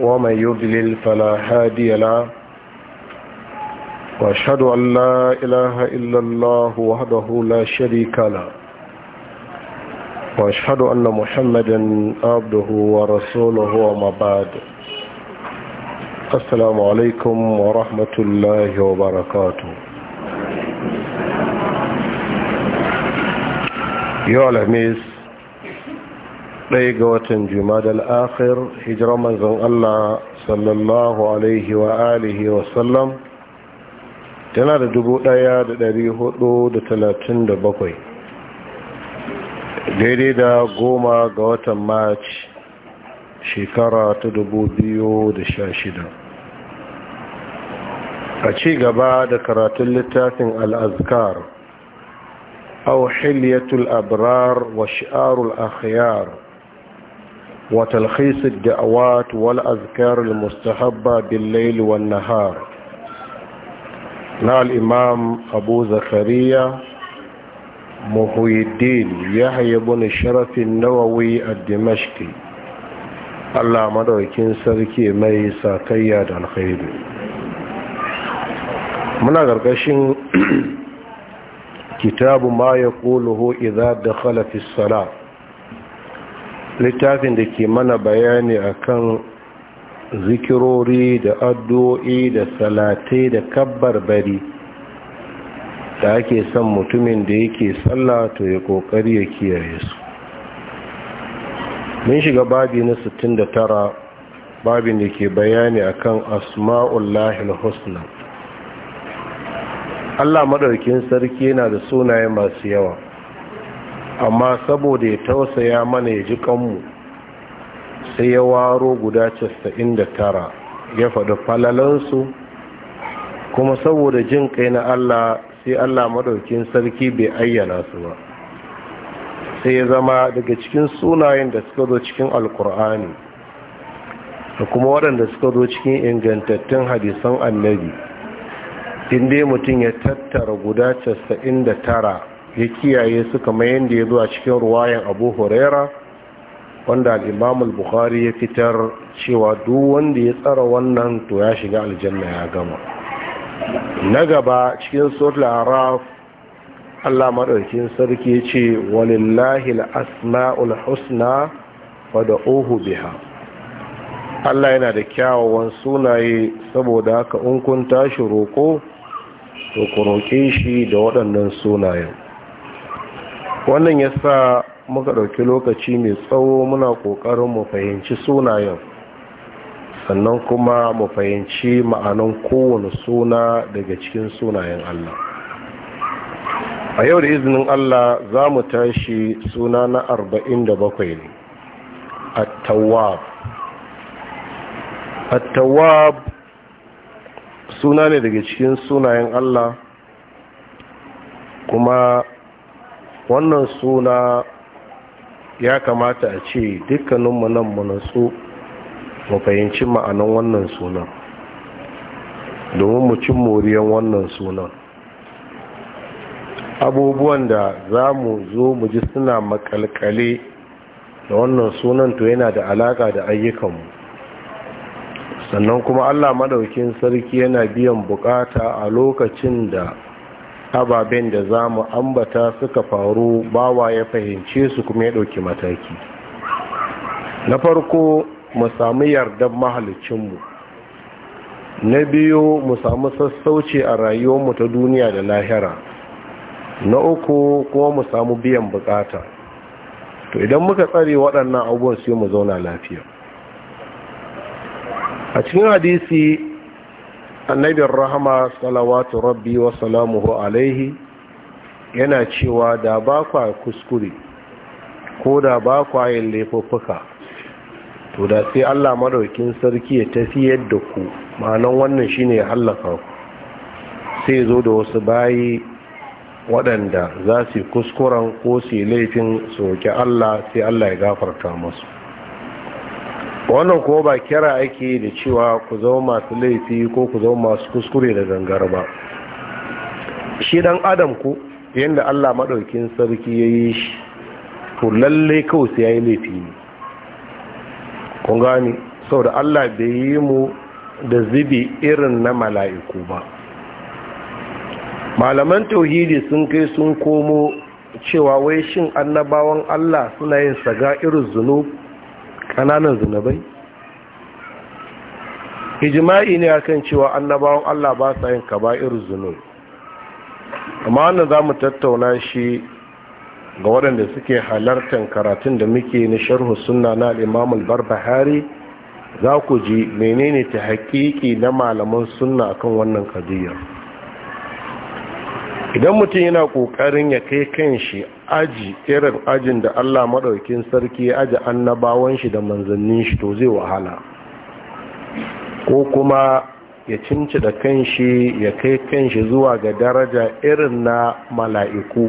ومن يضلل فلا هادي له واشهد ان لا اله الا الله وحده لا شريك له واشهد ان محمدا عبده ورسوله وما بعد السلام عليكم ورحمه الله وبركاته يا الهميس ɗaya ga watan jumadal akhir hijirar manzon Allah sallallahu alaihi wa alihi wa sallam tana da dubu ɗaya da ɗari hudu da talatin da bakwai daidai da goma ga watan march shekara ta dubu biyu da sha shida a ci gaba da karatun littafin al'azkar أو abrar wa Shiarul الأخيار وتلخيص الدعوات والأذكار المستحبة بالليل والنهار نال الإمام أبو زكريا محي الدين يحيى بن شرف النووي الدمشقي Allah madaukin sarki mai sakayya da alkhairu muna gargashin kitabu ma ya kuluhu idza dakhala fi salat littafin da ke mana bayani akan zikirori da addu'o'i da salatai da kabbar bari da ake son mutumin da yake sallah to ya kokari ya kiyaye su mun shiga babi na 69 babin da ke bayani akan asma'ullahi husna Allah madaukin sarki yana da sunaye masu yawa amma saboda ya tausaya mana ya ji kanmu sai ya waro guda casa'in da tara ya faɗi falalansu kuma saboda jin kai na allah sai allah maɗaukin sarki bai ayyana su ba sai ya zama daga cikin sunayen da suka zo cikin alkur'ani da kuma waɗanda suka zo cikin ingantattun hadisan annabi inda mutum ya tattara guda casa'in da tara ya kiyaye su kamar yadda ya zo a cikin ruwayan abu huraira wanda al'imamul buhari ya fitar cewa duk wanda ya tsara wannan to ya shiga aljanna ya gama na gaba cikin sautul araf allah maɗaukin sarki ya ce walillahi al'asma'ul husna wadda ohu biha allah yana da kyawawan sunaye saboda haka in kun tashi roƙo to ku roƙe shi da waɗannan sunayen wannan ya sa muka ɗauki lokaci mai tsawo muna ƙoƙarin mu fahimci sunayen sannan kuma mu fahimci ma'anan kowane suna daga cikin sunayen Allah a yau da izinin Allah za mu tashi suna na arba'in da bakwai ne attawab attawab suna ne daga cikin sunayen Allah kuma wannan suna ya kamata a ce dukkaninmu nan mu mu fahimci ma'anan wannan sunan domin mu cin moriyan wannan sunan abubuwan da za mu zo mu ji suna makalkale da wannan sunan to yana da alaka da ayyukanmu sannan kuma allah madaukin sarki yana biyan bukata a lokacin da ababen da za mu ambata suka faru bawa ya fahimce su kuma ya ɗauki mataki na farko mu sami yardar mahalicinmu na biyu mu sami sassauci a rayuwarmu ta duniya da lahira na uku kuma mu samu biyan bukata to idan muka tsare waɗannan abubuwan sai mu zauna lafiya a cikin hadisi annabin rahama salawatu rabbi wa salamuhu alaihi yana cewa da ba kwa kuskure ko da ba kwa yin laifuffuka to da sai allah madaukin sarki ya tafi yadda ku ma'anan wannan shine ya hallaka ku sai zo da wasu bayi waɗanda za su yi kuskuren ko su yi laifin soke allah sai allah ya gafarta masu wannan kuma ba kira ake da cewa ku zama masu laifi ko ku zama masu kuskure da gangara ba shi dan adam ku yadda allah maɗaukin sarki ya yi shi ku lallai kawai sai ya yi laifi ne kun gani da allah bai yi mu da zubi irin na mala'iku ba malaman tauhidi sun kai sun komo cewa wai shin annabawan allah suna yin saga irin zunubu ƙananan zunubai ijma'i ne akan cewa annabawan Allah ba sa yin kaba'ir zunub amma wannan za mu tattauna shi ga waɗanda suke halartar karatun da muke na sharhu sunna na al al-Imam al-barbahari za ku ji menene ta haƙiƙi na malaman sunna akan wannan kadiyar idan mutum yana ƙoƙarin ya kai kanshi. aji irin ajin da Allah maɗaukin sarki ya aji annabawan shi da manzannin shi to zai wahala ko kuma ya cinci da kanshi ya kai kanshi zuwa ga daraja irin na mala'iku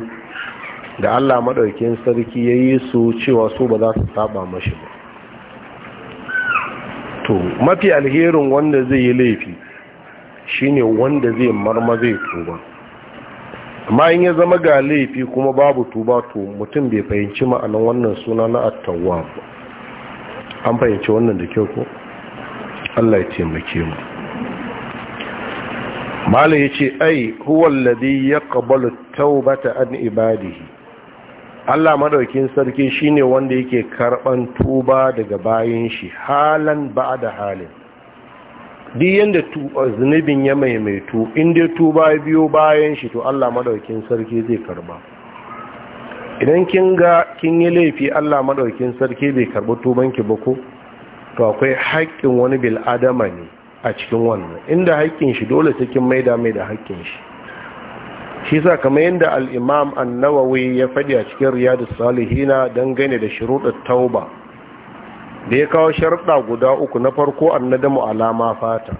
da Allah maɗaukin sarki ya yi su cewa su ba za su saba mashi ba to mafi alherin wanda zai yi laifi shine wanda zai marma zai tuba amma in ya zama ga laifi kuma babu tuba to mutum bai fahimci ma'anin wannan suna na attawa ba an fahimci wannan da kyau ko Allah ya taimake mu ya ce ai huwa alladhi yaqbalu at-taubata an ibadihi Allah madaukin sarki shine wanda yake karban tuba daga bayan shi halan ba'da halin duk yadda uh, zunubin ya maimaitu inda tuba biyo bayan shi to Allah madaukin sarki zai karba idan kin ga kin yi laifi Allah madaukin sarki bai karba tubanki ba ko to akwai haƙƙin wani bil adama ne a cikin wannan inda haƙƙin shi dole sai kin maida mai da haƙƙin shi shi sa kamar yadda al-Imam An-Nawawi ya faɗi a cikin Riyadus Salihina dangane da shuruɗat tauba da ya kawo sharɗa guda uku na farko annadamu alama fata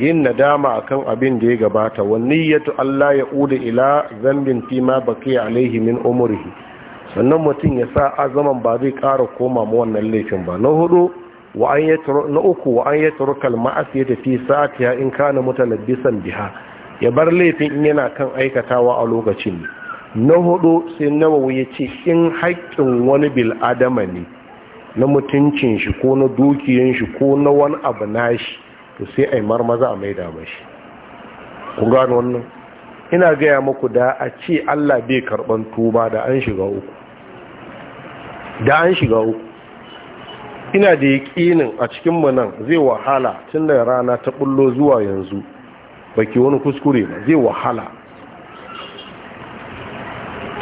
yin nadama akan abin da ya gabata wani yato Allah ya uda ila zambin fima baki alaihi min umurihi sannan mutum ya sa azaman ba zai ƙara koma ma wannan laifin ba na hudu na uku wa an kalma kalma'as ya tafi satiya in kana mutalabbisan biha ya bar laifin in yana kan aikatawa a lokacin na hudu sai nawa ya ce in haƙƙin wani bil'adama ne na mutuncin shi ko na dukiyan shi ko na wani abu nashi to sai a yi marmaza a maida mashi Ku gano wannan ina gaya muku da a ce Allah bai karban tuba da an shiga uku da an shiga uku ina da ƙinin a cikin mu nan zai wahala tun da rana ta bullo zuwa yanzu baki wani kuskure ba zai wahala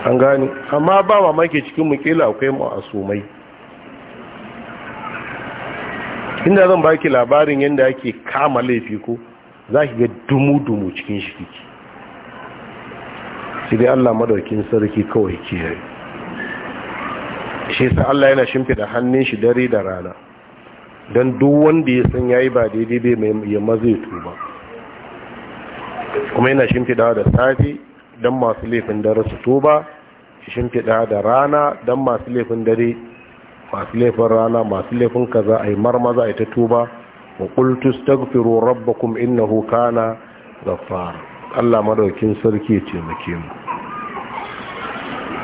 an gani amma ba mamaki cikin mu kila akwai mu asumai inda zan baki labarin yadda ake kama laifi ko za ki ga dumu-dumu cikin shi kiki Shi dai allah madaukin sarki kawai kiyaye shi sa allah yana shimfida hannun shi dare da rana don duk wanda ya san yayi ba daidai bai mai yamma zai tuba kuma yana shimfida da safe don masu laifin dare su tuba shimfida da rana don masu laifin dare masu laifin rana masu laifin kaza a yi marmaza a yi ta tuba wa rabba stagfiru rabbakum innahu kana gaffara Allah madaukin sarki ce muke mu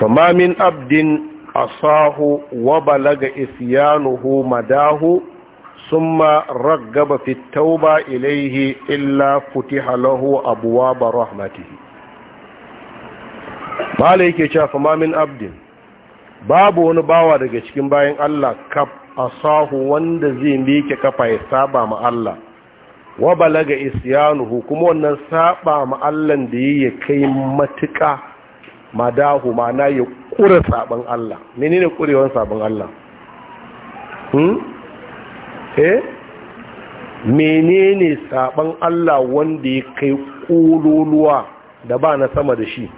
fama min abdin asahu wa balaga isyanuhu madahu summa raggaba fi tauba ilaihi illa futiha lahu abwaaba rahmatihi mala yake cewa fama min abdin babu wani bawa daga cikin bayan Allah kaf asahu wanda zai miƙe kafa ya saba ma Allah wa balaga isyanuhu kuma wannan saba ma Allah da yake kai matuka madahu mana ya kura saban Allah menene kurewan saban Allah hmm eh menene saban Allah wanda ya kai kululuwa da ba na sama da shi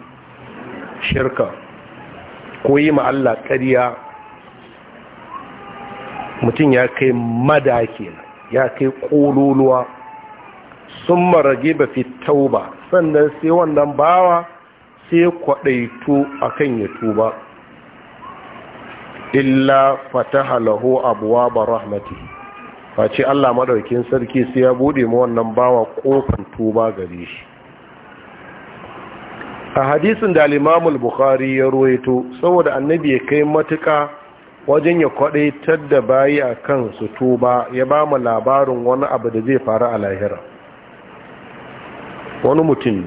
shirka ko yi ma Allah mutum ya kai madakin, ya kai ƙololuwa sun marage ba fi ba, sannan sai wannan bawa sai kwaɗaito a kan ya tuba illa fataha lahu abuwa ba rahmati face Allah madaukin sarki sai ya buɗe ma wannan bawa ƙofan tuba gare shi a hadisin da limamul bukhari ya ruwaito saboda annabi ya kai matuka wajen ya kwadaitar tadda bayi a kan su tuba ya ba mu labarin wani abu da zai faru a lahira wani mutum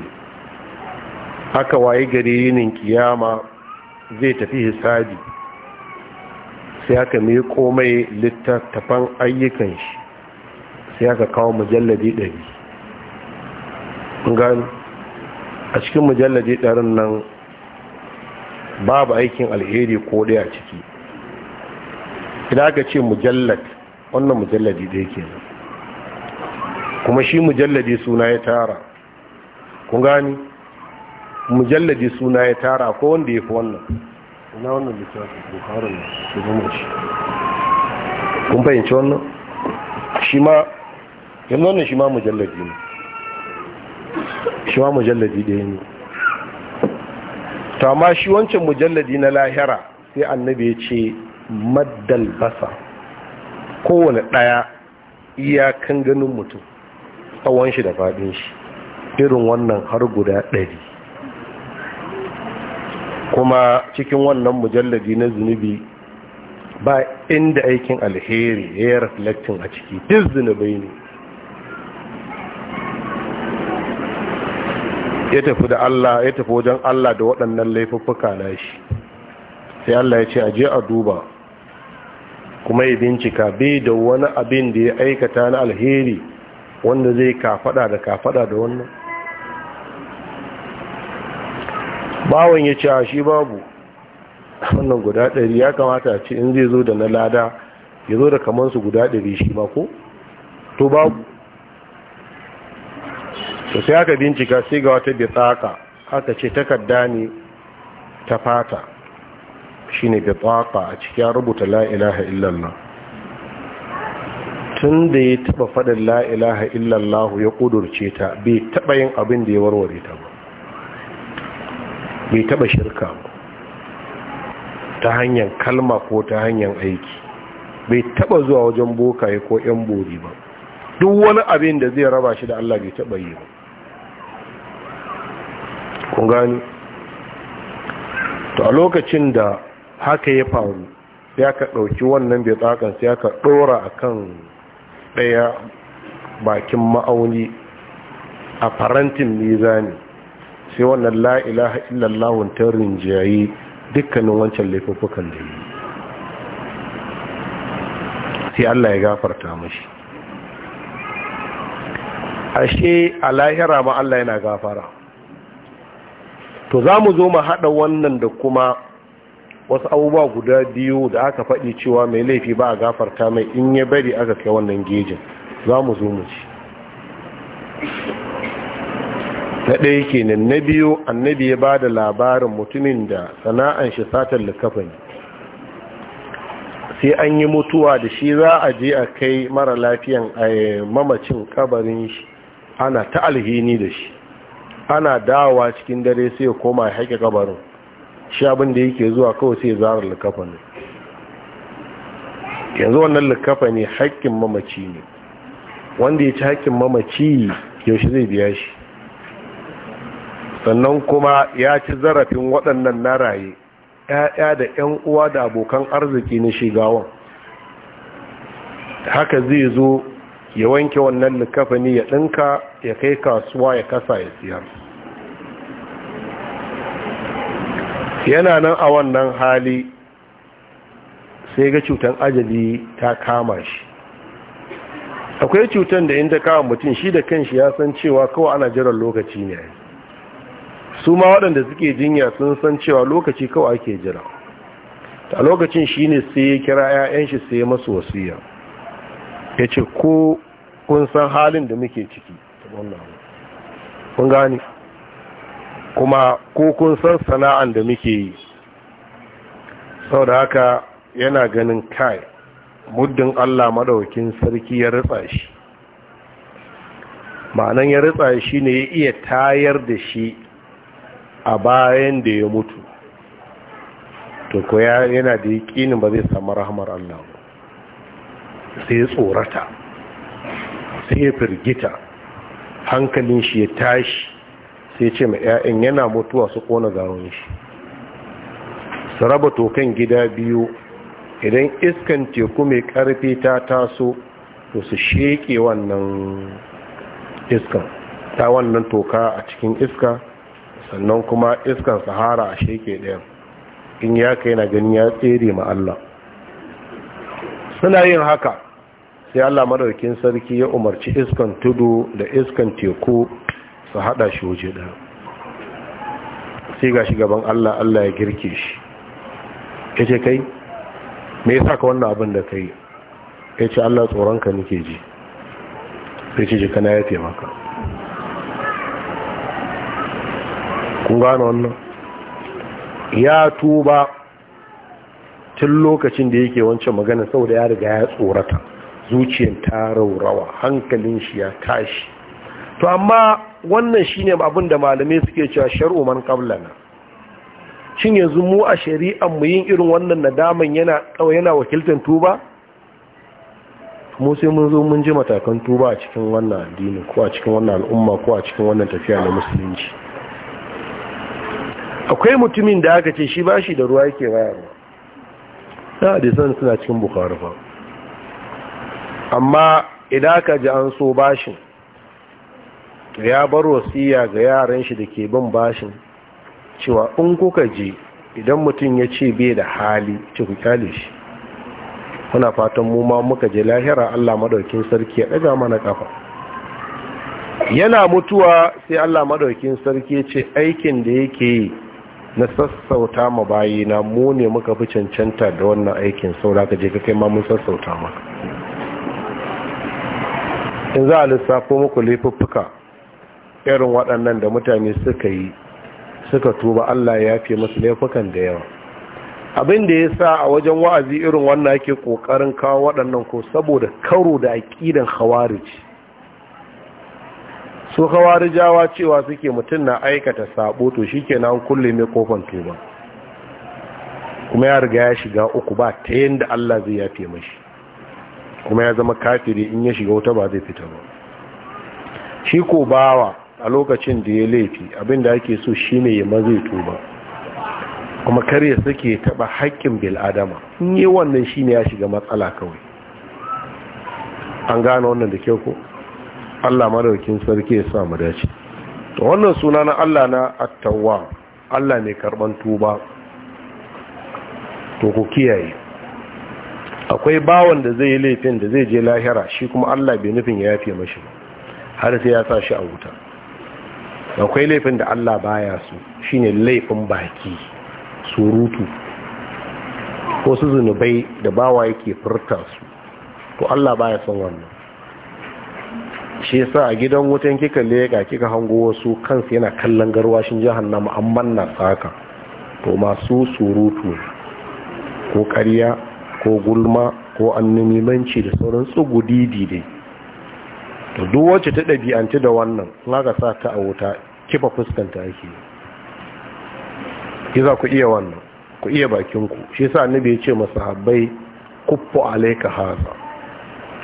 aka waye gari yinin kiyama zai tafi hisabi sai aka mai komai littattafan ayyukan shi sai aka kawo mujalladi ɗari gani a cikin mujallaje ɗarin nan babu aikin alheri ko ɗaya a ciki idan aka ce mujallad wannan mujallaje da yake nan kuma shi mujallaje suna ya tara kun gani mujallaje suna ya tara ko wanda ya fi wannan ina wannan littafin buhari ne su zama shi kun fahimci wannan shi ma yanzu wannan shi ma mujallaje ne shi ma mujalladi ɗaya ne to amma shi wancan mujalladi na lahira sai annabi ya ce maddal basa kowane ɗaya iyakan ganin mutum tsawon shi da faɗin shi irin wannan har guda ɗari kuma cikin wannan mujalladi na zunubi ba inda aikin alheri ya yi reflecting a ciki duk zunubai ne ya tafi da Allah ya tafi wajen Allah da waɗannan laifuffuka na shi sai Allah ya ce a je a duba kuma ya bincika bai da wani abin da ya aikata na alheri wanda zai kafada da kafada da wannan bawon ya ce a shi babu wannan guda ɗari ya kamata a ce in zai zo da na lada ya zo da kamansu guda ɗari shi mako ko to babu to sai aka bincika sai ga wata bitsaka aka ce takarda ne ta fata Shi shine bitsaka a cikin rubuta la’ilaha illallah tun da ya taba fadin la’ilaha illallah ya kudurce ta bai taba yin abin da ya warware ta ba bai taba shirka ta hanyar kalma ko ta hanyar aiki bai taba zuwa wajen bokaye ko yan bori ba duk wani abin da zai raba shi da Allah bai taba yi ba kun gani to a lokacin da haka ya faru sai aka ɗauki wannan bai tsakan sai aka ɗora a kan ɗaya bakin ma'auni a farantin mizani sai wannan la'ilaha illallahun ta rinjiyayi dukkanin wancan laifuffukan da yi sai Allah ya gafarta mashi ashe a lahira ma Allah yana gafara to za mu zo mu haɗa wannan da kuma wasu abubuwa guda biyu da aka faɗi cewa mai laifi ba a gafarta mai in ya bari aka kai wannan gejin za mu zo mu ci na ɗaya kenan na biyu annabi ya ba da labarin mutumin da sana'an shi satar likafani sai an yi mutuwa da shi za a je a kai mara lafiyan eh, mamacin kabarin shi ana ta alhini da shi ana dawowa cikin dare sai ya koma ya haƙe kabarin shi abin da yake zuwa kawai sai ya zara likafa ne yanzu wannan likafa ne haƙƙin mamaci ne wanda ya ci haƙƙin mamaci yaushe zai biya shi sannan kuma ya ci zarafin waɗannan na raye ‘ya'ya da ‘yan uwa da abokan arziki na shigawan haka zai zo ya wanke wannan likafani ya ɗinka ya kai kasuwa ya kasa ya siyar yana nan a wannan hali sai ga cutan ajali ta kama shi akwai cutan da inda kama mutum shi da kanshi ya san cewa kawai ana jiran lokaci ne su ma waɗanda suke jinya sun san cewa lokaci kawai ake jira a lokacin shi ne sai ya kira 'ya'yan shi sai masu wasu wasiya ya ce ko kun san halin da muke ciki kun gani kuma ko kun san sana'an da muke yi sau da haka yana ganin kai muddin allah maɗaukin sarki ya ritsa shi ma'anan ya ritsa shi ne ya iya tayar da shi a bayan da ya mutu to ko yana da ƙinin ba zai samu rahmar allah sai ya tsorata sai ya firgita hankalin shi ya tashi sai ce mai 'ya'yan yana mutuwa su kona garon shi su raba tokan gida biyu idan iskan teku mai karfi ta taso to su sheke wannan iskan ta wannan toka a cikin iska sannan kuma iskan sahara a sheke ɗaya in ya kai na gani ya tsere ma Allah suna yin haka sai Allah madaukin sarki ya umarci iskan tudu da iskan teku su hada shi waje da sai ga gaban Allah Allah ya girke shi ce kai me yasa ka wannan abin da kai ce Allah tsoron ka nake ji sai ce kana ya taimaka kun gano wannan ya tuba tun lokacin da yake wancan magana saboda ya riga ya tsorata zuciyar ta raurawa hankalin shi ya tashi to amma wannan shine abin da malamai suke cewa shar'uman man qablana shin yanzu mu a shari'an mu yin irin wannan nadaman yana yana wakiltar tuba mu sai mun zo mun ji matakan tuba a cikin wannan addini ko a cikin wannan al'umma ko a cikin wannan tafiya na musulunci akwai mutumin da aka ce shi bashi da ruwa yake bayarwa na hadisan suna cikin bukhari fa amma idan ka ji an so bashin ya bar wasiya ga yaran shi da ke bin bashin cewa in kuka je idan mutum ya ce bai da hali ci ku kyale shi muna fatan mu ma muka je lahira Allah madaukin sarki ya daga mana kafa yana mutuwa sai Allah madaukin sarki ya ce aikin da yake yi na sassauta ma bayina mu ne muka fi cancanta da wannan aikin saura ka je ka kai ma mun sassauta maka in za a lissafo muku laifuffuka irin waɗannan da mutane suka yi suka tuba Allah ya fi musu laifukan da yawa abin da ya sa a wajen wa'azi irin wannan ake ƙoƙarin kawo waɗannan ko saboda karo da aƙidan khawarij su khawarijawa cewa suke mutum na aikata sabo to shikenan kulle mai kofan tuba kuma ya riga ya shiga uku ba ta yadda Allah zai yafe mashi kuma ya zama kafiri in ya shiga wuta ba zai fita ba shi ko bawa a lokacin da ya laifi abinda ake so shi ne ya mazai tuba kuma karya suke taba haƙƙin bil adama. in yi wannan shi ne ya shiga matsala kawai an gane wannan da kyau ko allah madaukin sarki ya sa mu dace to wannan suna na allah na attawa allah mai karɓan tuba to ku kiyaye akwai bawan da zai yi laifin da zai je lahira shi kuma Allah bai nufin ya yafe mashi ba har sai ya sa shi a wuta akwai laifin da Allah baya su shine laifin baki surutu ko su zunubai da bawa yake furta su to Allah baya son wannan shi yasa a gidan wutan kika leka kika hango wasu kansu yana kallon garwashin jahannama amma na saka to masu surutu ko ƙarya ko gulma ko annimimanci da sauran didi dai to duk wacce ta ɗabi'anci da wannan ka sa ta a wuta kifa fuskanta ake yi za ku iya wannan ku iya bakinku shi sa annabi ya ce masa habbai kuffu alaika haza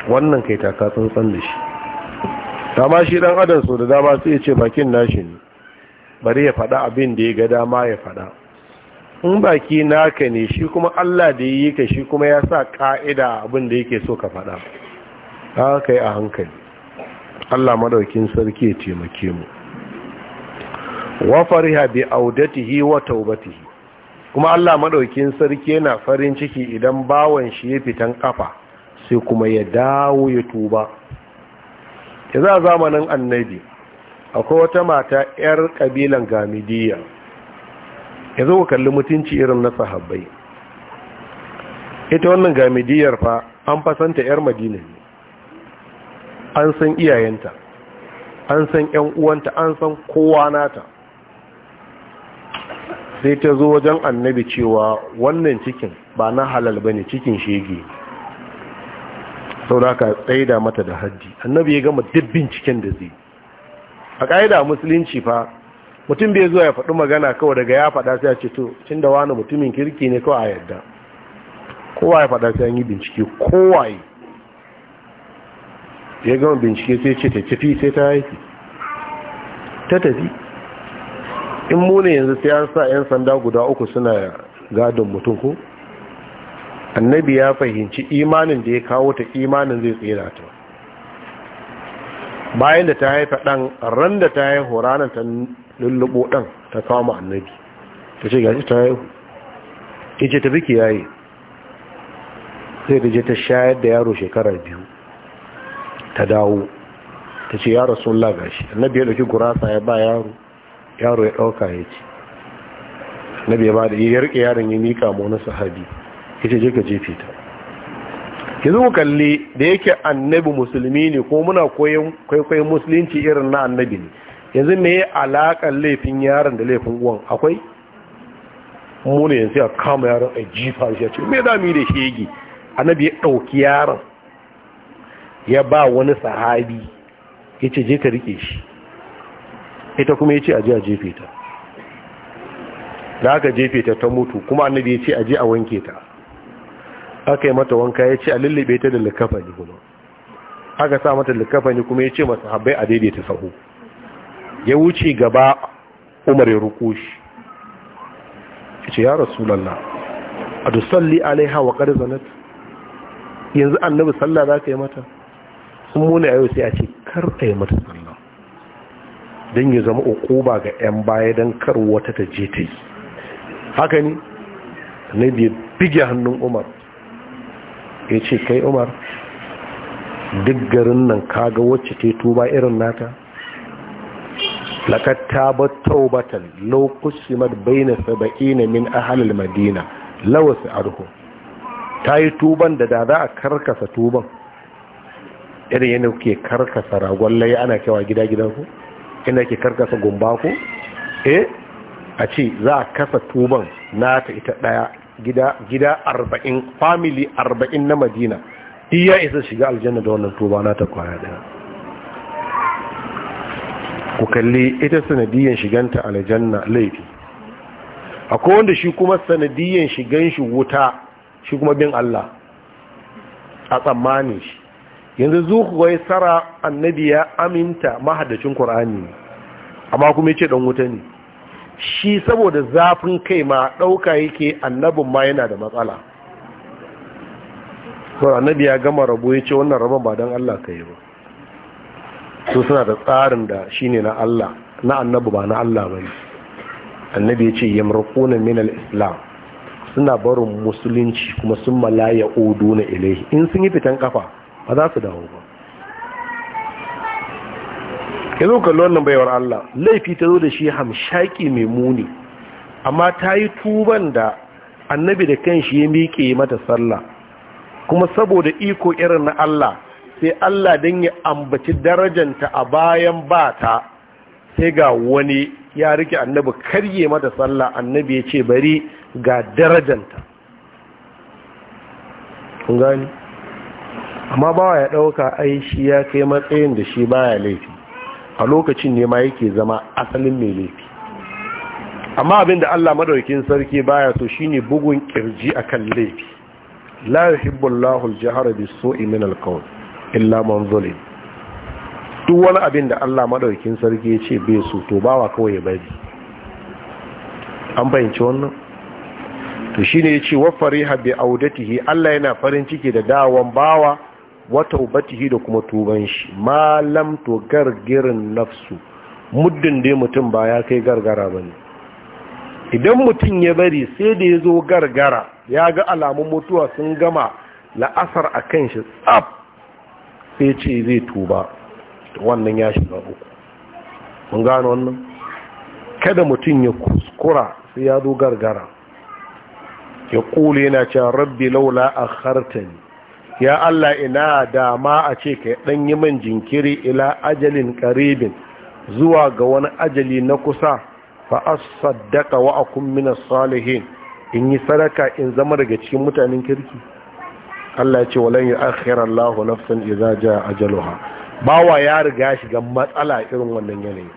wannan kai taka tsantsan da shi dama shi dan adam so da dama sai ya ce bakin nashi ne bari ya faɗa abin da ya ga dama ya faɗa in baki naka ne shi kuma Allah da yi ka shi kuma ya sa ka'ida abin da yake so ka faɗa ka kai a hankali Allah madaukin sarki ya taimake mu wa fariha bi audatihi wa taubatihi kuma Allah madaukin sarki yana farin ciki idan bawan shi ya fitan kafa sai kuma ya dawo ya tuba ya za zamanin annabi akwai wata mata 'yar kabilan gamidiyya ya zo kalli mutunci irin na sahabbai ita wannan gamidiyar fa an fasanta 'yar madina ne an san iyayenta an san 'yan uwanta an san kowa nata sai ta zo wajen annabi cewa wannan cikin ba na halal ba ne cikin shege sau da aka tsaida mata da hajji annabi ya gama duk binciken da zai a ƙa'ida musulunci fa mutum bai zuwa ya faɗi magana kawai daga ya faɗa sai a ce to tun da wani mutumin kirki ne kawai a yadda kowa ya faɗa sai an yi bincike kowa yi ya gama bincike sai ce ta tafi sai ta haifi ta tafi in mu ne yanzu sai an sa 'yan sanda guda uku suna gadon mutum ko annabi ya fahimci imanin da ya kawo ta imanin zai tsira ta bayan da ta haifa ɗan ran da ta haifa ranar ta lullubo ɗan ta kama annabi ta ce gashi ta haihu ya ce tafi ki yayi sai ta je ta shayar da yaro shekara biyu ta dawo ta ce yaro sun lagashi annabi ya dauki gurasa ya ba yaro yaro ya dauka ya ce annabi ya ba da ya rike yaron ya mika ma wani sahabi ya ce je ka jefe ta zo kalli da yake annabi musulmi ne ko muna kwaikwayon musulunci irin na annabi ne yanzu me ya alakan laifin yaron da laifin uwan akwai mu yanzu ya kama yaron a jifa shi ya ce mai za mu yi da shege annabi ya ɗauki yaron ya ba wani sahabi ya ce je ka rike shi ita kuma ya ce aji a jefe ta da aka jefe ta ta mutu kuma annabi ya ce aji a wanke ta aka yi mata wanka ya ce a lullube ta da likafani kuma aka sa mata likafani kuma ya ce masu habai a daidaita sahu ya wuce gaba umar ya ruko shi ya ce ya rasulallah a dusalli alaiha hawa ƙar zanat yanzu annabi sallah za ka yi mata sun muna yau sai a ce kar ka yi mata sallah don ya zama uku ba ga 'yan baya don kar wata ta je ta yi haka ne na ya bige hannun umar ya ce kai umar duk garin nan kaga wacce ta tuba irin nata laqad tabat tawbatan law qusimat bayna sab'ina min ahli al-madina law sa'arhu tayi tuban da da za a karkasa tuban irin yana ke karkasa ragon laye ana kewa gida gidan ku ina ke karkasa gumba ku eh a ce za a kasa tuban na ta ita daya gida gida 40 family 40 na Madina iya isa shiga aljanna da wannan tuba na nata kwana daya ku kalli ita sanadiyan shiganta aljanna laifi akwai wanda shi kuma sanadiyan shigan shi wuta shi kuma bin Allah a tsammanin shi yanzu zuku wai tsara annabi ya aminta mahadacin Kur'ani amma kuma yace dan wuta ne shi saboda zafin kai ma ɗauka yake annabin ma yana da matsala to annabi ya gama rabo yace wannan rabon ba dan Allah kai ba su suna da tsarin da shine na Allah na annabi ba na Allah ne annabi ya ce yamraquna min al-islam suna barin musulunci kuma sun malaya na ilai in sun yi fitan kafa ba za su dawo ba yanzu kallon wannan baiwar Allah laifi ta zo da shi hamshaki mai muni amma ta yi tuban da annabi da kanshi ya miƙe mata sallah kuma saboda iko irin na Allah sai Allah don ya ambaci darajanta a bayan ba ta sai ga wani ya rike annabi karye mata sallah annabi ya ce bari ga darajanta gani amma bawa ya ɗauka ai shi ya kai matsayin da shi baya laifi a lokacin ne ma yake zama asalin mai laifi amma abinda Allah madaukakin sarki baya so shine bugun kirji akan laifi la yuhibbullahu al-jahra bis-su'i min al illa man zulim duk wani abin da Allah madaukakin sarki ya ce bai so to bawa kawai bari an bayyance wannan to shine yace wa fariha bi audatihi Allah yana farin ciki da dawon bawa wa taubatihi da kuma tuban shi malam to gargirin nafsu muddin dai mutum ba ya kai gargara bane idan mutum ya bari sai da ya zo gargara ya ga alamun mutuwa sun gama la'asar a kan shi tsaf sai ce zai tuba wannan ya shiga uku mun gano wannan kada mutum ya kuskura sai ya zo gargara ya kule yana cewa rabbi laula a hartani ya Allah ina dama a ce ka ɗan yi man jinkiri ila ajalin karibin zuwa ga wani ajali na kusa fa asaddaka wa akun minas salihin in yi sadaka in zama daga cikin mutanen kirki Allah ya ce walan ya akhira Allah nafsan idza jaa ajaluha bawa ya riga shiga matsala irin wannan yanayi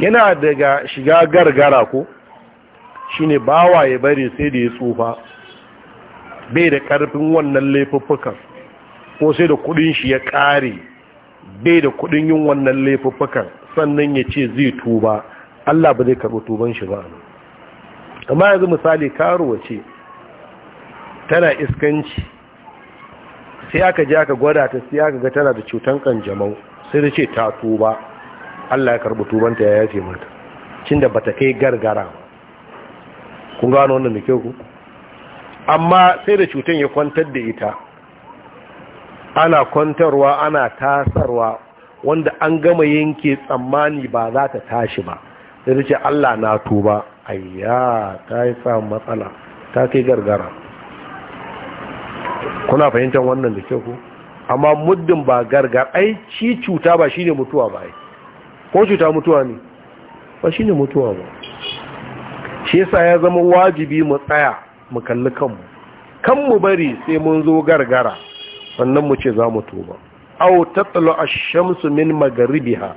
yana daga shiga gargara ko shine bawa ya bari sai da ya tsufa bai da karfin wannan laifuffukan ko sai da kudin shi ya kare bai da kudin yin wannan laifuffukan sannan ya ce zai tuba Allah ba zai karɓi tuban shi ba amma yanzu misali karuwa ce tana iskanci sai aka je aka gwada ta sai aka ga tana da cutan kanjamau sai da ce ta tuba Allah ya karbi tubanta ya yafe mata cin da bata kai gargara kun gano wannan da kyau ku amma sai da cutan ya kwantar da ita ana kwantarwa ana tasarwa wanda an gama yanke tsammani ba za ta tashi ba sai da ce Allah na tuba ayya ta yi sa matsala ta kai gargara kuna fahimtar wannan da ke ku amma muddin ba gargar ai ci cuta ba shine mutuwa ba ai ko cuta mutuwa ne ba shine mutuwa ba shi yasa ya zama wajibi mu tsaya mu kalli kanmu kan mu bari sai mun zo gargara sannan mu ce za mu tuba au tatlu ash-shamsu min magribiha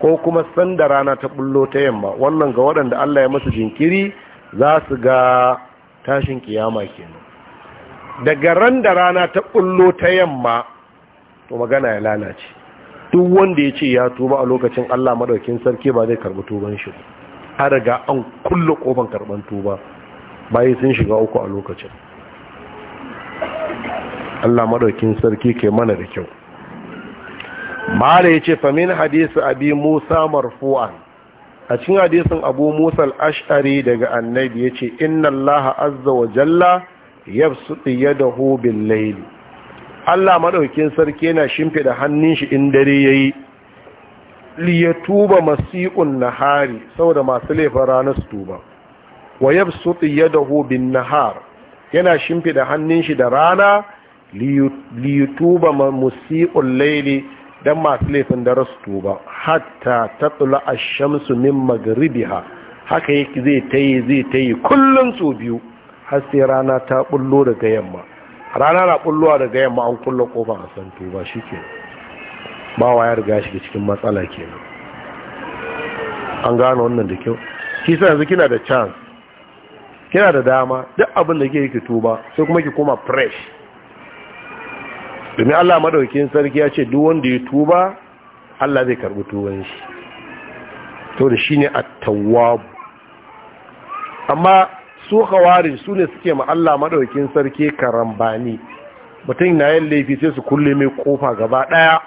ko kuma sanda rana ta bullo ta yamma wannan ga waɗanda Allah ya masa jinkiri za su ga tashin kiyama kenan daga ran da rana ta ƙullo ta yamma to magana ya lalace duk wanda ya ce ya tuba a lokacin Allah madaukin sarki ba zai karɓi tuban shi an riga an kulle kofan karɓar tuba bayan sun shiga uku a lokacin Allah madaukin sarki ke mana da kyau mala ya ce famin hadisi abi musa marfu'an a cikin hadisin abu musa al'ashari daga annabi ya ce inna allaha azza wa jalla yabsutu yadahu bil layl Allah maɗaukin sarki yana shimfida hannun shi in dare yayi li yatuba masiqun nahari saboda masu laifin ranar su tuba wa yabsutu yadahu bin nahar yana shimfida hannun shi da rana li yatuba laili layli dan masu laifin da su tuba hatta tatla ash-shamsu min maghribiha haka yake zai tayi zai tayi kullun su biyu har sai rana ta bullo daga yamma rana na bullowa daga yamma an kulla kofa a san tuba shi ke bawa ya riga shiga cikin matsala kenan an gano wannan da kyau shi sa yanzu kina da chance kina da dama duk abin da ke yi ki tuba sai kuma ki koma fresh domin Allah madaukin sarki ya ce duk wanda ya tuba Allah zai karbi tuban shi to da shine at-tawwab amma su khawarij su ne suke ma'alla maɗaukin sarki karambani mutum na yin laifi sai su kulle mai kofa gaba ɗaya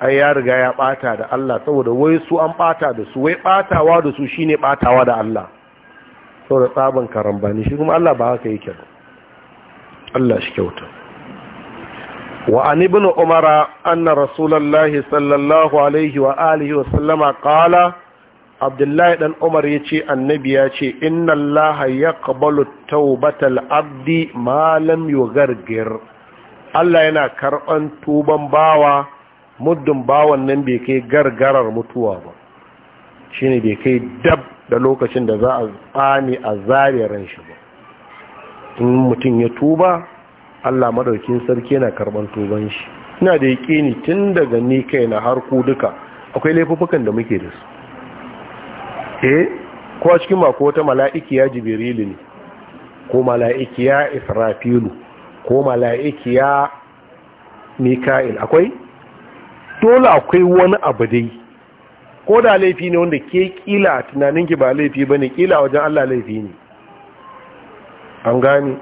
ai ya riga ya ɓata da Allah saboda wai su an ɓata da su wai ɓatawa da su shine ɓatawa da Allah saboda tsabin karambani shi kuma Allah ba haka yake Allah shi kyauta wa an ibn umara anna rasulullahi sallallahu alaihi wa alihi wa sallama qala abdullahi dan umar ya ce annabi ya ce inna allaha ya kabalu taubatal abdi malam yugargir allah yana karɓar tuban bawa muddin bawan nan bai kai gargarar mutuwa ba shine bai kai dab da lokacin da za a tsani a zariran shi ba in mutum ya tuba allah maɗaukin sarki yana karɓar tuban shi ina da yaƙini tun daga ni kai na harku duka akwai laifukan da muke da su eh ko a cikin mako wata mala'ikiya jibrilu ne ko mala'ikiya israfilu ko mala'ikiya mika'il akwai dole akwai wani abu dai ko da laifi ne wanda ke kila tunaninki ba laifi ba ne kila wajen allah laifi ne an gani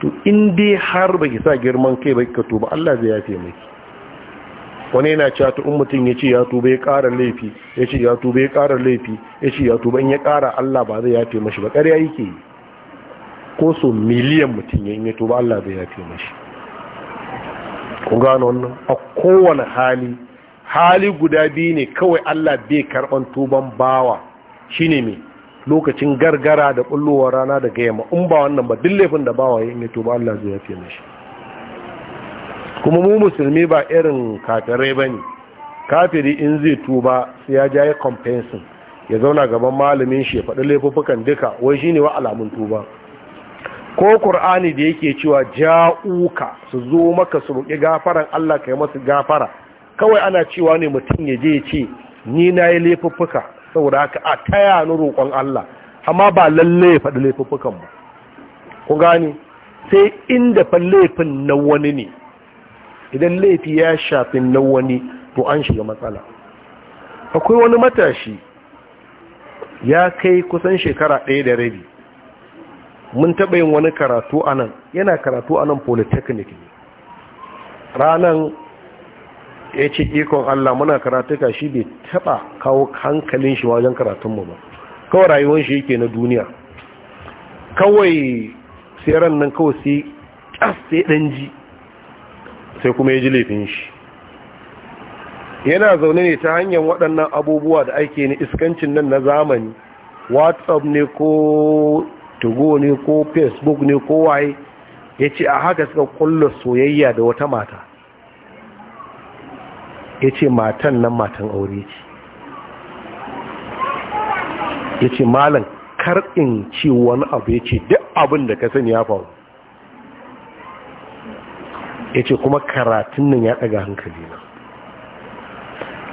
to in dai har ba sa girman kai ba ki ka tuba allah zai yafe maki wani yana cewa ta in mutum ya ce ya tuba ya ƙara laifi ya ce ya tuba ya ƙara laifi ya ce ya tuba in ya ƙara Allah ba zai yafe mashi ba ƙarya yake yi ko so miliyan mutum ya in ya tuba Allah zai yafe mashi ku gano wannan a kowane hali hali guda biyu ne kawai Allah bai karɓan tuban bawa shine me lokacin gargara da ƙullowar rana da gayama in ba wannan ba duk laifin da bawa ya in ya tuba Allah zai yafe mashi kuma mu musulmi ba irin kafirai ba ne kafiri in zai tuba sai ya jaye kompensin ya zauna gaban malamin shi ya faɗi laifuffukan duka wai shine wa alamun tuba ko ƙur'ani da yake cewa ja'uka su zo maka su roƙi gafaran Allah ka yi masu gafara kawai ana cewa ne mutum ya je ya ce ni na yi laifuffuka saboda haka a taya ni roƙon Allah amma ba lalle ya faɗi laifuffukan ba ku gane sai inda fa laifin na wani ne idan laifi ya shafi na wani to an shiga matsala akwai wani matashi ya kai kusan shekara ɗaya da rabi mun taɓa yin wani karatu a nan yana karatu a nan polytechnic ne ranar ya ce ikon allah muna karatuka shi bai taɓa kawo hankalin shi wajen karatunmu ba kawai rayuwar shi yake na duniya kawai tseren nan kawai sai ƙas sai ɗan ji sai kuma ya ji laifin shi yana zaune ne ta hanyar waɗannan abubuwa da ake ni iskancin nan na zamani whatsapp ne ko tugo ne ko facebook ne ko waye ya ce a haka suka kulla soyayya da wata mata ya ce matan nan matan aure ce ya ce malam karɗin ci wani abu ya ce duk abin da ka sani ya faru ya ce kuma karatun nan ya ɗaga hankali na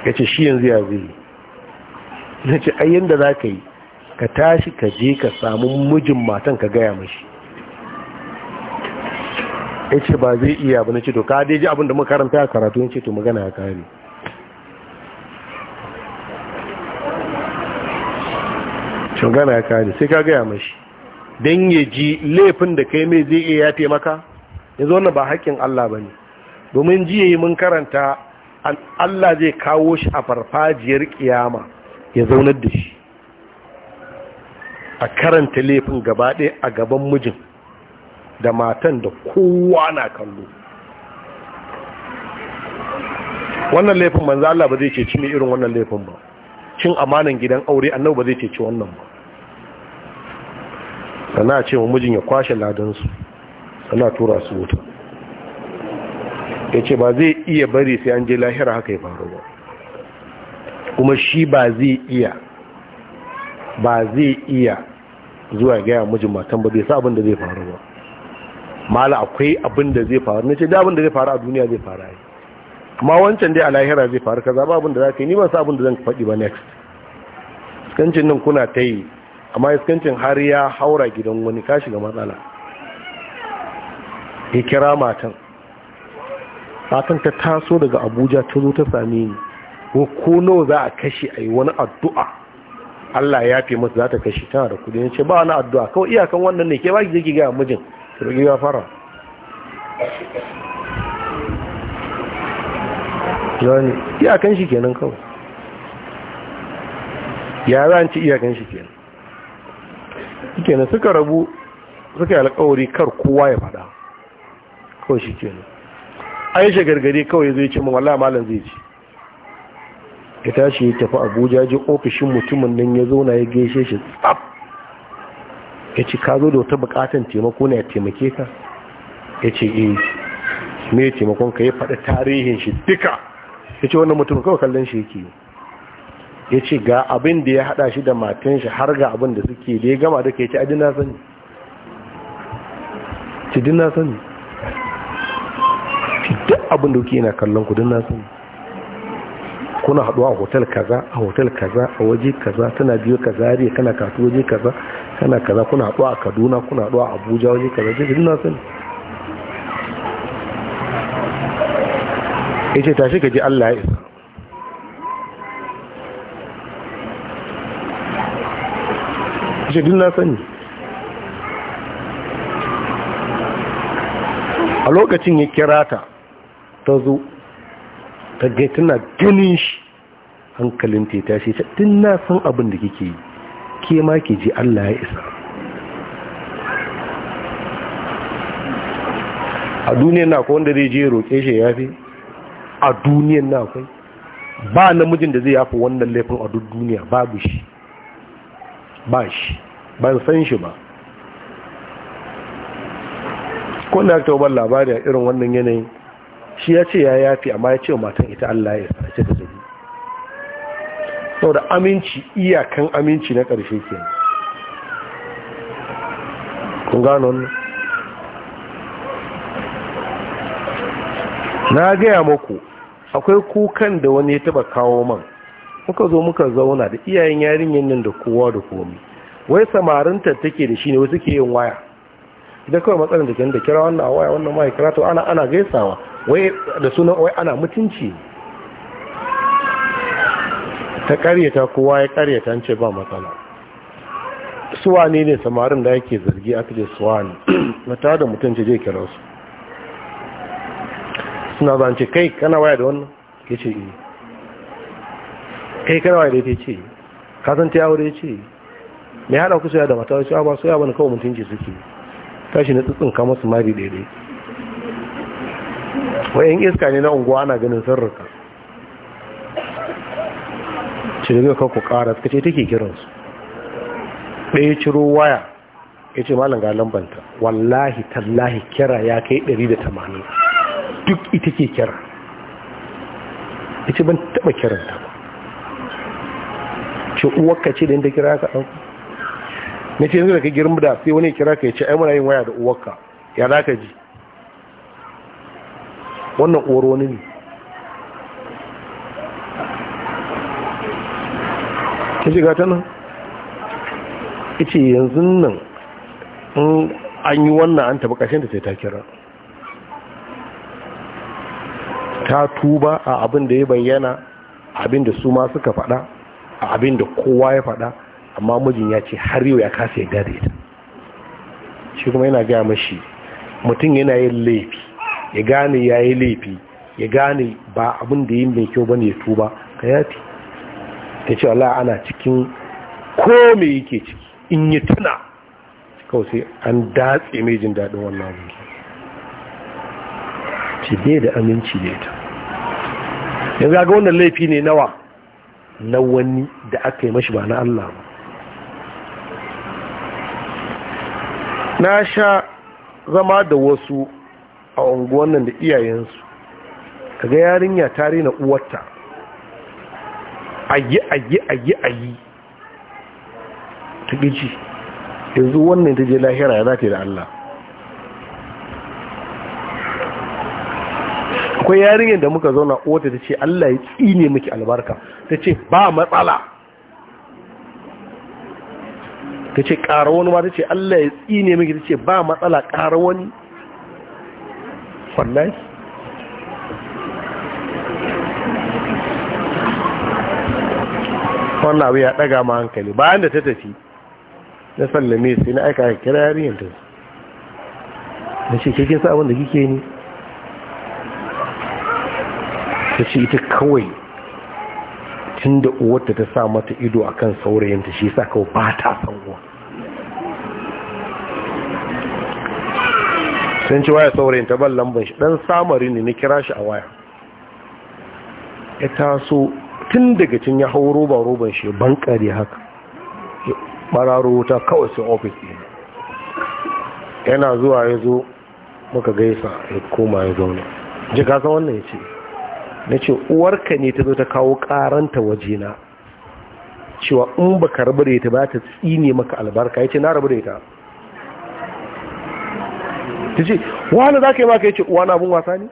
ya ce shi yanzu ya zai ya ce ayyan da za ka yi ka tashi ka je ka samu mijin matan ka gaya mashi ya ce ba zai iya ba na ce to ka daji abin da makaranta ya karatu ya ce to magana ya kare shugana ya kare sai ka gaya mashi don ya ji laifin da kai mai zai iya ya taimaka yanzu wannan ba haƙƙin Allah ba ne domin jiye mun karanta Allah zai kawo shi a farfajiyar kiyama ya zaunar da shi a karanta laifin gabaɗe a gaban mijin da matan da kowa na kallo wannan laifin manzo Allah ba zai ceci ne irin wannan laifin ba cin amanan gidan aure annabi ba zai ceci wannan ba sana ce wa mijin ya kwashe ladansu ana tura su wuta ya ce ba zai iya bari sai an je lahira haka ya faru ba kuma shi ba zai iya ba zai iya zuwa gaya mijin matan ba zai sa abin da zai faru ba mala akwai abin da zai faru na ce da abin da zai faru a duniya zai faru ya amma wancan dai a lahira zai faru kaza ba abinda da za ka yi ni ba sa abin da zan faɗi ba next iskancin nan kuna ta yi amma iskancin har ya haura gidan wani ka shiga matsala ya kira matan matan ta taso daga abuja ta zo ta same ni ko nawa za a kashe a yi wani addu'a allah ya fi masu za ta kashe tana da kudi ce ba wani addu'a kawai iyakan wannan ne ke ba ki zai gaya mijin ki roƙi ya fara zane iyakan shi kenan kawai ya za ci iyakan shi kenan kenan suka rabu suka yi alkawari kar kowa ya fada kawai shi ne a yi gargare kawai zai ce mawala malar malam zai ci ya tashi ya tafi abuja ji ofishin mutumin nan ya zauna ya gaishe shi tsab ya ce ka zo da wata bukatan taimako na ya taimake ka ya ce eh me taimakon ka ya faɗi tarihin shi duka ya ce wannan mutum kawai kallon shi yake ya ce ga abin da ya haɗa shi da matan shi har ga abin da suke da ya gama da ya ce adina sani ci dina sani shi duk abin da kuke yana kallon ku don na kuna haɗu a hotel kaza a hotel kaza a waje kaza tana biyo kaza ne kana katu waje kaza kana kaza kuna haɗu a kaduna kuna haɗu a abuja waje kaza duk na sani ya ce tashi ka ji allah ya isa ya ce duk na sani a lokacin ya kira ta ta zo ta gai tana ganin shi hankalin ta tashi ta tun na san abin da kike yi ke ma ke ji Allah ya isa a duniyan na akwai wanda zai je roƙe shi ya fi a duniyan na akwai ba namijin da zai yafi wannan laifin a duk duniya babu shi ba shi ban san shi ba ko na ta labari a irin wannan yanayin shi ya ce ya yafi amma ya ce matan ita Allah ya sace da zuri saboda aminci iyakan aminci na ƙarshe ke kun gano na gaya muku akwai kukan da wani ya taba kawo man muka zo muka zauna da iyayen yarinyar nan da kowa da komi wai samarinta take da shi ne wasu ke yin waya idan kawai matsalar da da kira wannan waya wannan ma ana gaisawa wai da suna wai ana mutunci ta karyata kowa ya karyata ce ba matsala suwa ne ne samarin da yake zargi a ce suwa ne mata da mutunci je kira su suna zance kai kana waya da wannan Ke ce yi eh. kai kana waya da ya ce yi kasan ta da ya ce yi mai haɗa kusa da mata wasu ya ba su ya bani kawo mutunci suke tashi na tsitsin kama su mari daidai wayan iska ne na unguwa na ganin sirrika ce ka kakku kara suka ce take kiransu ɗaya ciro waya ya ce malin ga lambanta wallahi tallahi kira ya kai 180 duk ita ke kira ya ce ban taɓa kiranta ba ce Uwaka ce da ta kira ka ɗan na ce yanzu da ka girma da sai wani kira ka ya ce ai muna yin waya da Uwaka. ya za ka ji wannan uwar ne ta shiga ta nan ita yanzu nan an yi wannan an taɓa ƙashin da sai ta kira ta tuba a abin da ya bayyana abin da su ma suka faɗa a abin da kowa ya faɗa amma mijin ya ce har yau ya kasa ya gare ta shi kuma yana gaya mashi mutum yana yin laifi ya gane ya yi laifi ya gane ba abin da yi mai kyau ba ne ya tuba ka yafi ta ce Allah ana cikin ko me yake ciki in yi tuna kawai sai an datse mai jin daɗin wannan abin ce bai da aminci da ita yanzu ga wannan laifi ne nawa na wani da aka yi mashi ba na Allah ba na sha zama da wasu a unguwan nan da iyayensu Ka ga yarinya ta rena uwarta ayi ayi ayi ayi ta gici yanzu wannan ta je lahira ya zata da Allah akwai yarinyar da muka zauna uwarta ta ce Allah ya tsine miki albarka ta ce ba matsala ta ce ƙara wani ma ta ce Allah ya tsine miki ta ce ba matsala ƙara wani wallahi wannan abu ya daga ma hankali bayan da ta tafi na sallame sai na aika kira yarinyar ta da ce kake sa da kike ni ta ce ita kawai tun da uwarta ta sa mata ido a kan saurayinta shi sa kawai ba ta san uwa sun ci waya saurayin ta ban lambar shi ɗan samari ne na kira shi a waya ya taso tun daga cin ya hau roba roban shi ban haka ɓara rubuta kawai sai ofis ɗin yana zuwa ya zo muka gaisa ya koma ya zauna ji ka wannan ya ce na ce uwarka ne ta zo ta kawo karanta na cewa in ba ka rabu da ita ba ta tsine maka albarka ya ce na rabu da ita ta ce wani za ka yi maka ya ce wani abin wasa ne?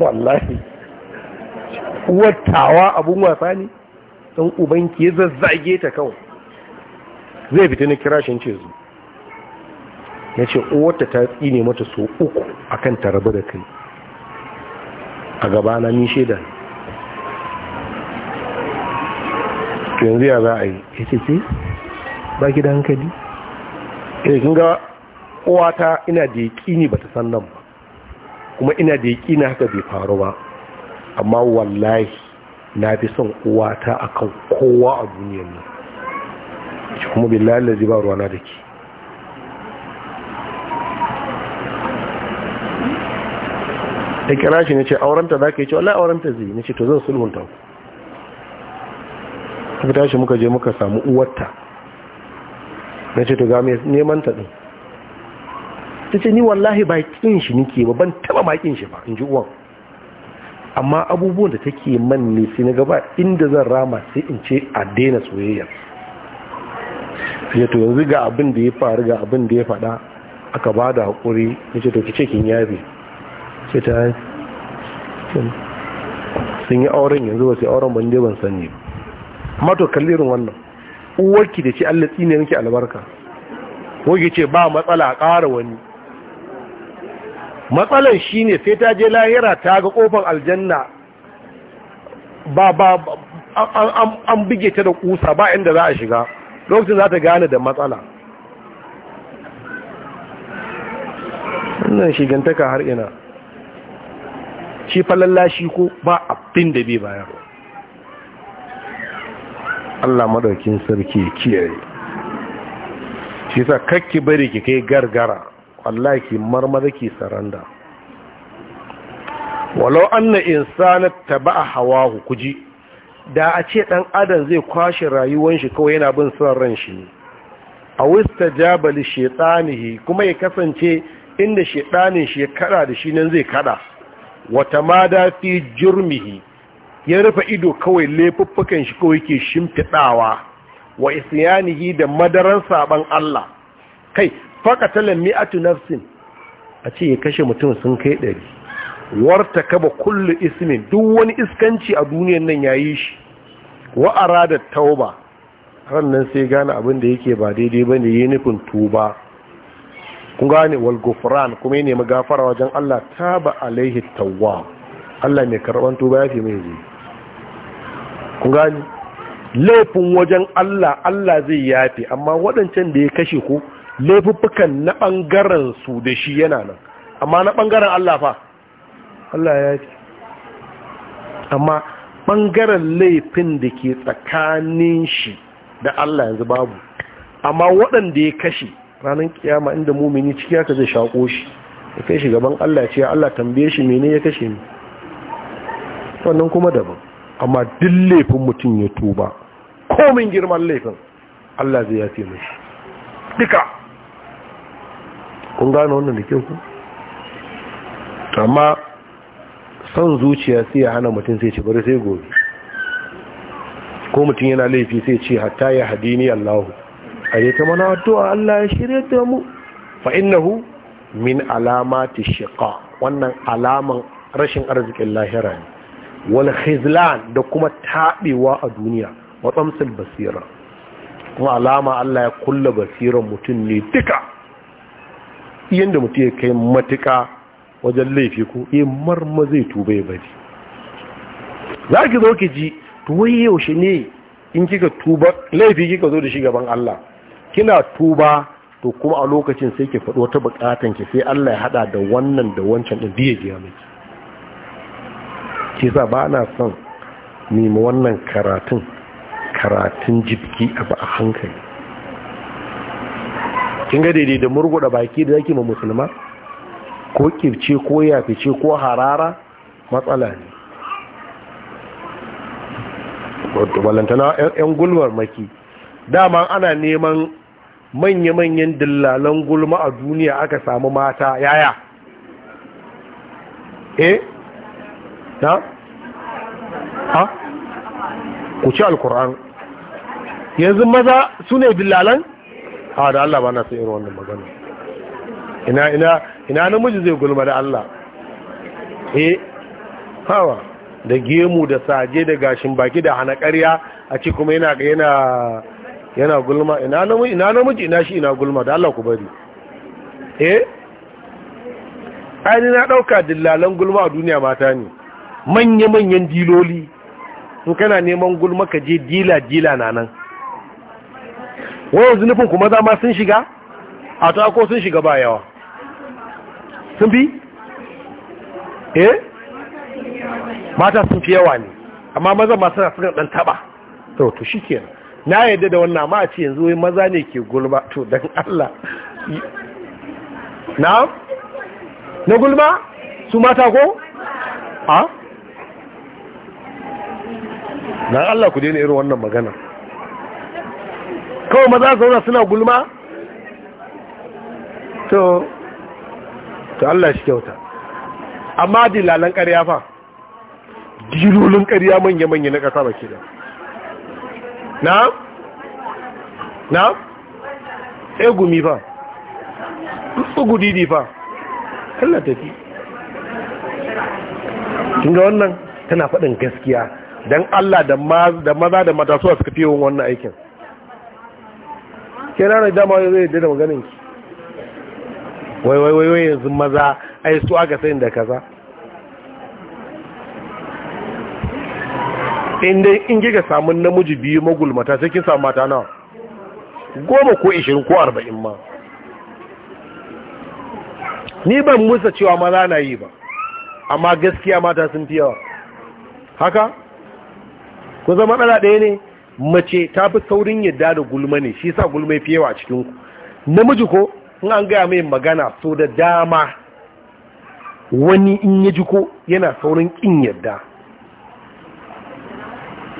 wallahi watawa abin wasa ne don ubanki ya zazzage ta kawai zai fita na kirashin ce zu ya ce wata ta tsine mata so uku a ta rabu da kai a gaba na nishe da yanzu ya za a yi ya ce ce ba ki da hankali ilikin eh, gawa uwata ina da yaƙini bata san nan ba kuma ina da yaƙini haka bai faru ba amma wallahi na fi son uwata akan kowa a duniyar nan kuma bai lalazi ba ruwana da ke ta kira shi na ce aurenta za ka yi ce wallahi aurenta zai na ce to zan sulhunta ku fi tashi muka je muka samu uwarta na ce to ga mai neman ta ɗin ta ce ni wallahi ba kin shi nike ba ban taba ma kin shi ba in ji uwan amma abubuwan da take man ne sai na gaba inda zan rama sai in ce a daina soyayyar Sai to yanzu ga abin da ya faru ga abin da ya faɗa aka ba da haƙuri na ce to ki ce kin yabe sai ta sun yi auren yanzu ba sai auren ban je ban sani amma to kallirin wannan uwarki da ce Allah ne nake albarka ko ce ba matsala a ƙara wani matsalan shi ne sai ta je lahira ta ga ƙofar aljanna ba ba an bige ta da ƙusa ba inda za a shiga lokacin za ta gane da matsala wannan shigantaka har ina shi falallashi ko ba a fin da bai bayan Allah madaukin sarki kiyaye shi sa kakki bari ki kai gargara wallahi ki marmara ki saranda walau na insana taba'a hawahu kuji da a ce ɗan adam zai kwashe rayuwar shi kawai yana bin son ran shi ne a wista jabali shaitanihi kuma ya kasance inda shaitanin shi ya kada da shi nan zai kada wata ma da fi jurmihi ya rufe ido kawai laifuffukan shi kawai ke shimfiɗawa wa isiyanihi da madaran saban Allah kai faƙatalar mi'atu nafsin a ce ya kashe mutum sun kai ɗari warta kaba kullu ismin duk wani iskanci a duniyan nan yayi shi wa'ara da tauba nan sai gane abin da yake ba daidai ba ne yi nufin tuba kun gane wal kuma ya nemi gafara wajen Allah taba alaihi tawwa Allah mai karban tuba ya fi mai zai kun gane laifin wajen Allah Allah zai yafi amma waɗancan da ya kashe ku laifuffukan na ɓangaren su da shi yana nan amma na ɓangaren Allah fa Allah ya ce amma ɓangaren laifin da ke tsakanin shi da Allah yanzu babu amma waɗanda ya kashe ranar kiyama inda mumini ciki haka zai shaƙo shi ya kai shi gaban Allah ce Allah tambaye shi mene ya kashe ni wannan kuma daban amma duk laifin mutum ya tuba komin girman laifin Allah zai ya yafe mashi duka kun gano wannan da ke ku amma son zuciya sai ya hana mutum sai ce bari sai gobe ko mutum yana laifi sai ce hatta ya hadini Allahu a yi ta mana Allah ya shirya da mu fa innahu min ta shiqa wannan alaman rashin arzikin lahira ne wani da kuma taɓewa a duniya wa tsamsin basira kuma alama Allah ya kulla basiran mutum ne duka yadda mutum ya kai matuka wajen laifi ko ya eh, marma zai tuba ya bari za ki zo ki ji tuwai yaushe ne in kika tuba laifi kika zo da shi gaban Allah kina tuba to kuma a lokacin sai ki faɗo ta buƙatan ki sai Allah ya haɗa da wannan da wancan din biye biya miki kisa ba na son nemi wannan karatun karatun jibki ba a hankali kin ga daidai da murguda baki da zaki ma musulma ko kirce ko yafice ko harara matsala ne walantana yan gulmar maki dama ana neman manya-manyan dillalan gulma a duniya aka samu mata yaya eh ta ha ku ci alkur'an yanzu maza su ne dillalan a da Allah ba na son irin wannan magana ina ina ina namiji zai gulma da Allah eh hawa da gemu da saje da gashin baki da hana ƙarya a ce kuma yana yana yana gulma ina namiji ina namiji ina shi ina gulma da Allah ku bari eh ai na dauka dillalan gulma a duniya mata ne manya manyan diloli in kana neman gulma ka je dila dila na nan wayan zunufin kuma zama sun shiga a ta ko sun shiga ba yawa sun bi? eh? mata sun fi yawa ne amma maza masu na suna dan taba to to shi ke na yadda da wannan ma a ce yanzu wai maza ne ke gulma to don Allah na? na gulma? su mata ko? a? na Allah ku daina irin wannan magana kawai maza zaura suna gulma to to Allah shi kyauta amma dilalan ƙarya fa dilolin ƙarya manya-manya na ƙasa ba ke da na? na? egumi fa ugudidi fa Allah tafi ga wannan tana faɗin gaskiya don Allah da maza da mata suwa suka fiye wannan aikin ke ranar dama zai yadda da maganin ki wai wai wai yanzu maza ai su aka sayin da kaza inda in kika samu namiji biyu magulmata sai kin samu mata na goma ko ishirin ko arba'in ma ni ban musa cewa maza na yi ba amma gaskiya mata sun fi yawa haka ku zama ɗaya ne mace ta fi saurin yadda da gulma ne shi sa gulma fi yawa cikin ku namiji ko in an gaya mai magana so da dama wani in ya ko yana saurin kin yadda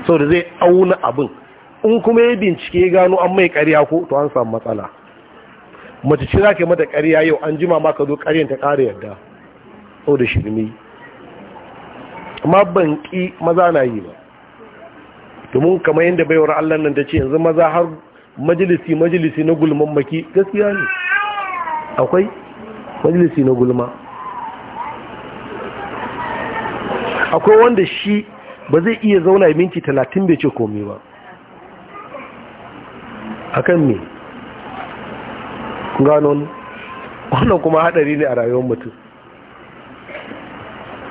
so da zai auna abin in kuma ya bincike ya gano an mai karya ko to an samu matsala mace ce za ka mata karya yau an jima ma ka zo karyan ta ƙara yadda so da shirme amma ban ƙi maza na yi ba domin kamar yadda baiwar Allah nan ta ce yanzu maza har majalisi majalisi na gulman maki gaskiya ne akwai majalisi na gulma akwai wanda shi ba zai iya zauna minti talatin bai ce komi ba akan me ganon wannan kuma hadari ne a rayuwar mutum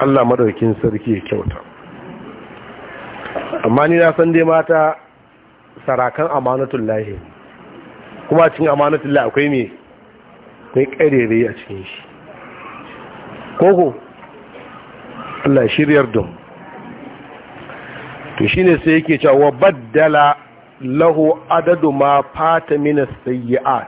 Allah madaukin sarki ya kyauta amma ni na san dai mata sarakan amanatun lahi kuma cikin amanatun lahi akwai me akwai ƙarere a cikin shi koko Allah shiryar dum to shine sai yake cewa baddala lahu adadu ma fata min sayyi'at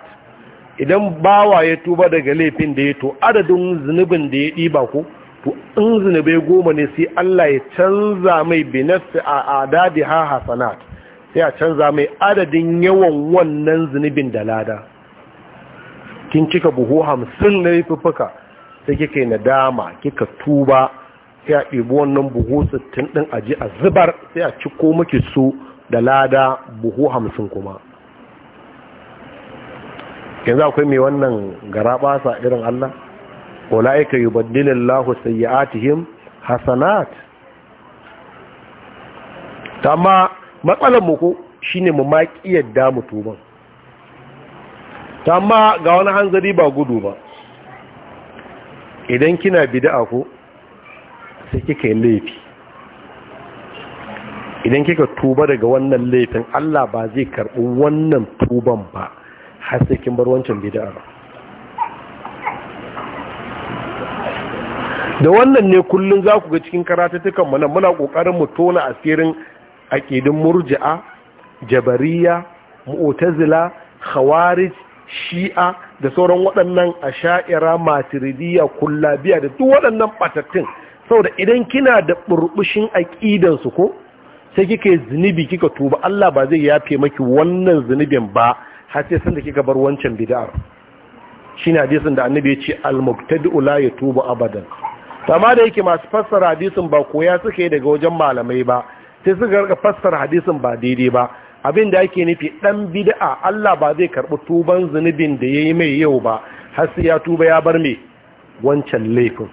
idan bawa ya tuba daga laifin da ya to adadin zunubin da ya diba ko to in zunubai goma ne sai Allah ya canza mai binafsi a adadi ha hasanat sai a canza mai adadin yawan wannan zunubin da lada kin cika buhu hamsin na rufuffuka sai kika yi nadama kika tuba sai a ɗibi wannan buhu sittin ɗin aji a zubar sai a ciko miki su da lada buhu hamsin kuma yanzu akwai mai wannan sa irin Allah ulaika yubaddilu Allahu sayyi'atihim hasanat amma matsalar mu ko shine mu ma kiyarda mu tuban ma ga wani hanzari ba gudu ba idan kina bid'a sai kika yi laifi idan kika tuba daga wannan laifin Allah ba zai karɓi wannan tuban ba har sai kin bar wancan bid'a ba da wannan ne kullum za ku ga cikin karatattukan mu nan muna kokarin mu tona asirin aqidin murji'a jabariya mu'tazila khawarij shi'a da sauran waɗannan asha'ira maturidiyya kullabiya da duk waɗannan batattun saboda idan kina da burbushin aqidan su ko sai kike zunubi kika tuba Allah ba zai yafe maki wannan zunubin ba har sai sanda kika bar wancan bid'ar shine hadisin da annabi ya ce al-mubtadi'u la yatubu abadan kama da yake masu fassara hadisin ba koya suka yi daga wajen malamai ba sai suka rika fassara hadisin ba daidai ba abin da ake nufi dan bid'a Allah ba zai karbi tuban zunubin da yayi mai yau ba har sai ya tuba ya bar me wancan laifin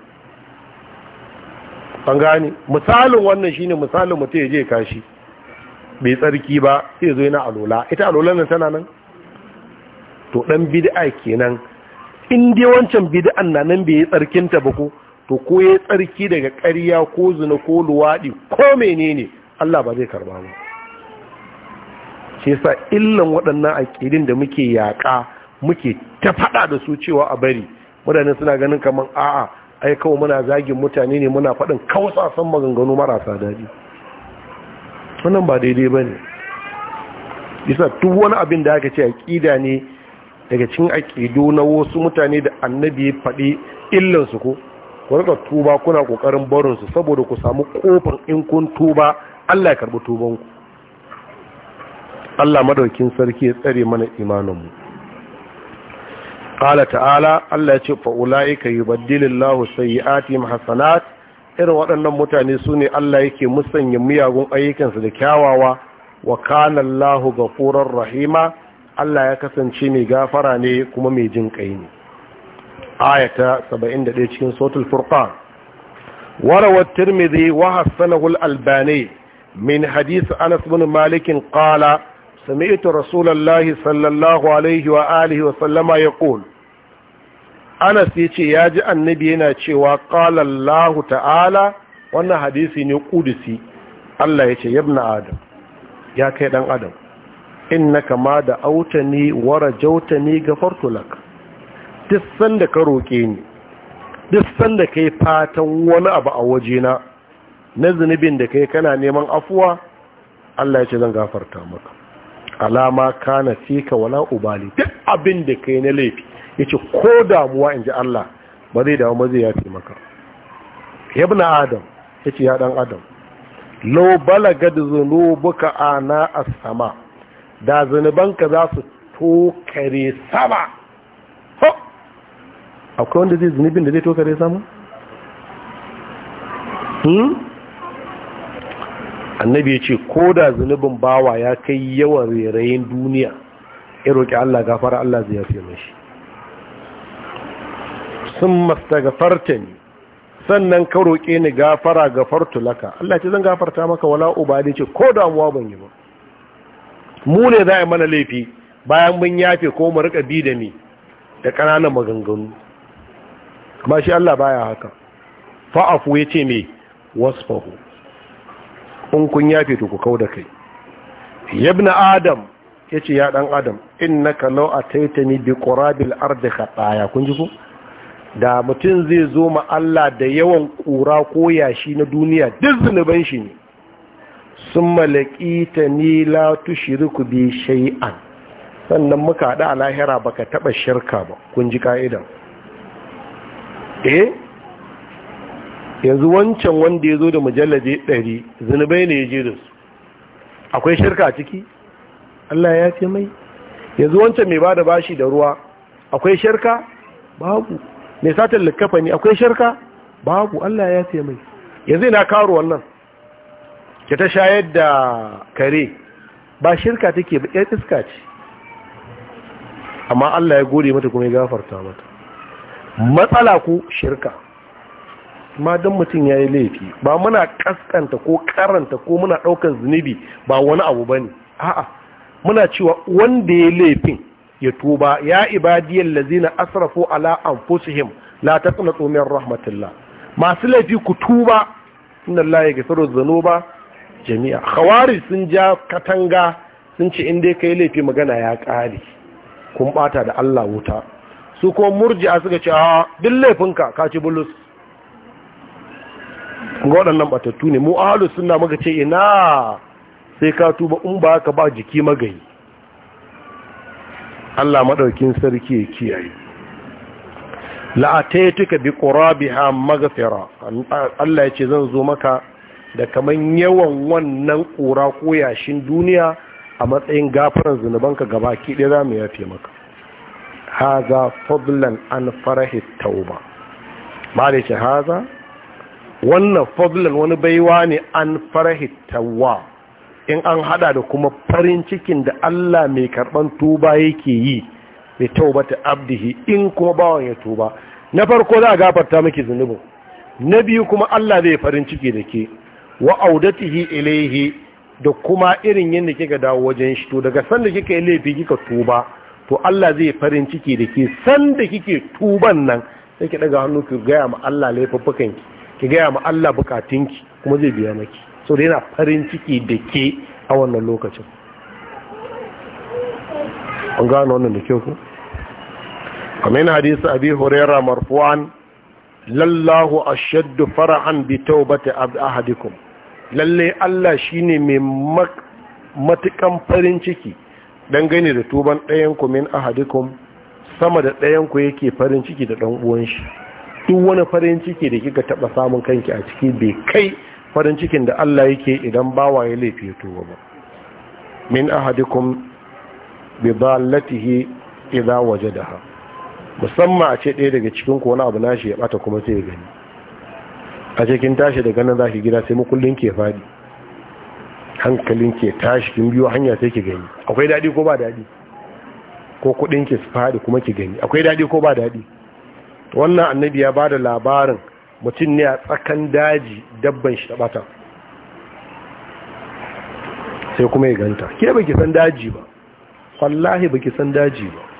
an gani misalin wannan shine misalin mutum ya je kashi bai tsarki ba sai zo yana alola ita alolan nan tana nan to dan bid'a kenan in dai wancan bid'an na nan bai yi tsarkinta ba ko to ko ya tsarki daga ƙarya ko zina ko luwaɗi ko menene Allah ba zai karba ba Ke sa illan waɗannan aƙidin da muke yaƙa muke ta faɗa da su cewa a bari mutane suna ganin kamar a'a ai kawai muna zagin mutane ne muna faɗin kawsasan maganganu marasa daɗi wannan ba daidai ba ne isa duk wani abin da aka ce aƙida ne daga cikin aƙidu na wasu mutane da annabi ya faɗi illansu ko ku rika tuba kuna kokarin barin su saboda ku samu kofar in kun tuba Allah ya karbi tuban ku Allah madaukin sarki ya tsare mana imanin mu qala ta'ala Allah ya ce fa ulaika yubaddilillahu sayyi'atihim mahsanat irin waɗannan mutane su ne Allah yake musanya miyagun ayyukansu da kyawawa wa kana Allahu ghafurur rahima Allah ya kasance mai gafara ne kuma mai jin ƙai ne ayata 71 cikin sautul furqan warawar tirmidhi wa hassanahu al-albani min hadith anas bin malik qala سمعت رسول الله صلى الله عليه وآله وسلم يقول أنا سيتي ياجي النبي ناتي وقال الله تعالى وانا حديثي نقودسي الله يتي يا ابن آدم يا كيدان آدم إنك ما دعوتني ورجوتني غفرت لك duk sanda ka roƙe ni duk sanda kai fatan wani abu a wajena na zunubin da kai kana neman afuwa Allah ya ce zan gafarta maka alama kana fika wala ubali duk abin da kai na laifi yace ko damuwa inji Allah ba zai dawo ba zai yafi maka ibna adam yace ya dan adam law balagad zunubuka ana as-sama da zunubanka za su tokare sama akwai wanda zai zunubin da zai toka zai samu? Hmm? annabi ya ce ko da zunubin bawa ya kai yawan rairayin duniya ya roƙi Allah gafara Allah zai yafe mashi sun masta gafarta ne sannan ka roƙe ni gafara gafartu laka Allah ce zan gafarta maka wala uba da ce ko da damuwa ban yi ba mu ne za a yi mana laifi bayan mun yafe ko mu rika bi da ni da ƙananan maganganu ba shi Allah baya haka fa'afu ya ce mai wasfahu in kun ya fito ku kau da kai yabna adam ya ce ya ɗan adam innaka a ataitani bi qurabil ardi ɗaya kun ji ku? da mutum zai zo ma Allah da yawan ƙura ko yashi na duniya duk zunuban shi ne sun ta ni la ku bi shai'an. sannan muka haɗa a lahira baka taɓa shirka ba kun ji ka'idan eh yanzu wancan wanda ya zo da majalade ɗari zunubai ne ya je da su akwai shirka a ciki Allah ya fi mai yanzu wancan mai ba da bashi da ruwa akwai shirka babu mai satin likafa ne akwai shirka babu Allah ya fi mai yanzu ina karo wannan ke ta shayar da kare ba shirka take ba ƴar iska ce amma Allah ya gode mata kuma ya gafarta mata matsala ko shirka ma don mutum ya yi laifi ba muna kaskanta ko karanta ko muna ɗaukan zunubi ba wani abu ba ne a'a muna cewa wanda ya laifin ya tuba ya ibadiyar lazina asrafo ala anfusihim la tsina tsomiyar rahmatulla masu laifi ku tuba Inda Allah ya gafaru zanuba jami'a khawari sun ja katanga sun ce inda ya kai laifi magana ya kare kun bata da Allah wuta su kuma a suka ce a duk laifinka ka ci bulus ga waɗannan batattu ne mu suna maka ce ina sai ka tuba in ba ka ba jiki magayi Allah maɗaukin sarki ya kiyaye la'ataituka bi qurabiha maghfira Allah yace zan zo maka da kaman yawan wannan ƙura ko yashin duniya a matsayin gafaran zunubanka gaba ɗaya za mu yafe maka haza fadlan an farahi tauba mali ce haza wannan fadlan wani baiwa ne an farahi tauba in an hada da kuma farin cikin da Allah mai karban tuba yake yi mai taubata abdihi in kuma bawan ya tuba na farko za a gafarta miki zunubu na biyu kuma Allah zai farin ciki da ke wa audatihi ilaihi da kuma irin yadda kika dawo wajen shi to daga sanda kika yi laifi kika tuba to Allah zai farin ciki da ke san kike tuban nan sai ki daga hannu ki gaya ma Allah laifuffukan ki ki gaya ma Allah bukatun ki kuma zai biya maki so da yana farin ciki da ke a wannan lokacin an gano wannan da kyau ku yana hadisi abi hurairah marfu'an lallahu ashaddu fara'an bi tawbati ahadikum lalle Allah shine mai matukan farin ciki dan gani da tuban ɗayanku min ahadikum sama da ɗayanku yake farin ciki da ɗan uwan shi duk wani farin ciki da kika taɓa samun kanki a ciki bai kai farin cikin da Allah yake idan bawa ya laifi ya ba min ahadikum bi waje idza wajadaha musamman a ce ɗaya daga cikin ku wani abu nashi ya bata kuma sai ya gani a cikin tashi daga nan zaki gida sai mukullin ke fadi hankalin ke tashi kin biyo hanya sai ki gani akwai dadi ko ba dadi ko kudin ki su fadi kuma ki gani akwai dadi ko ba dadi wannan annabi ya bada labarin mutum ne a tsakan daji dabban shi ta bata sai kuma ya ganta ke baki san daji ba wallahi baki san daji ba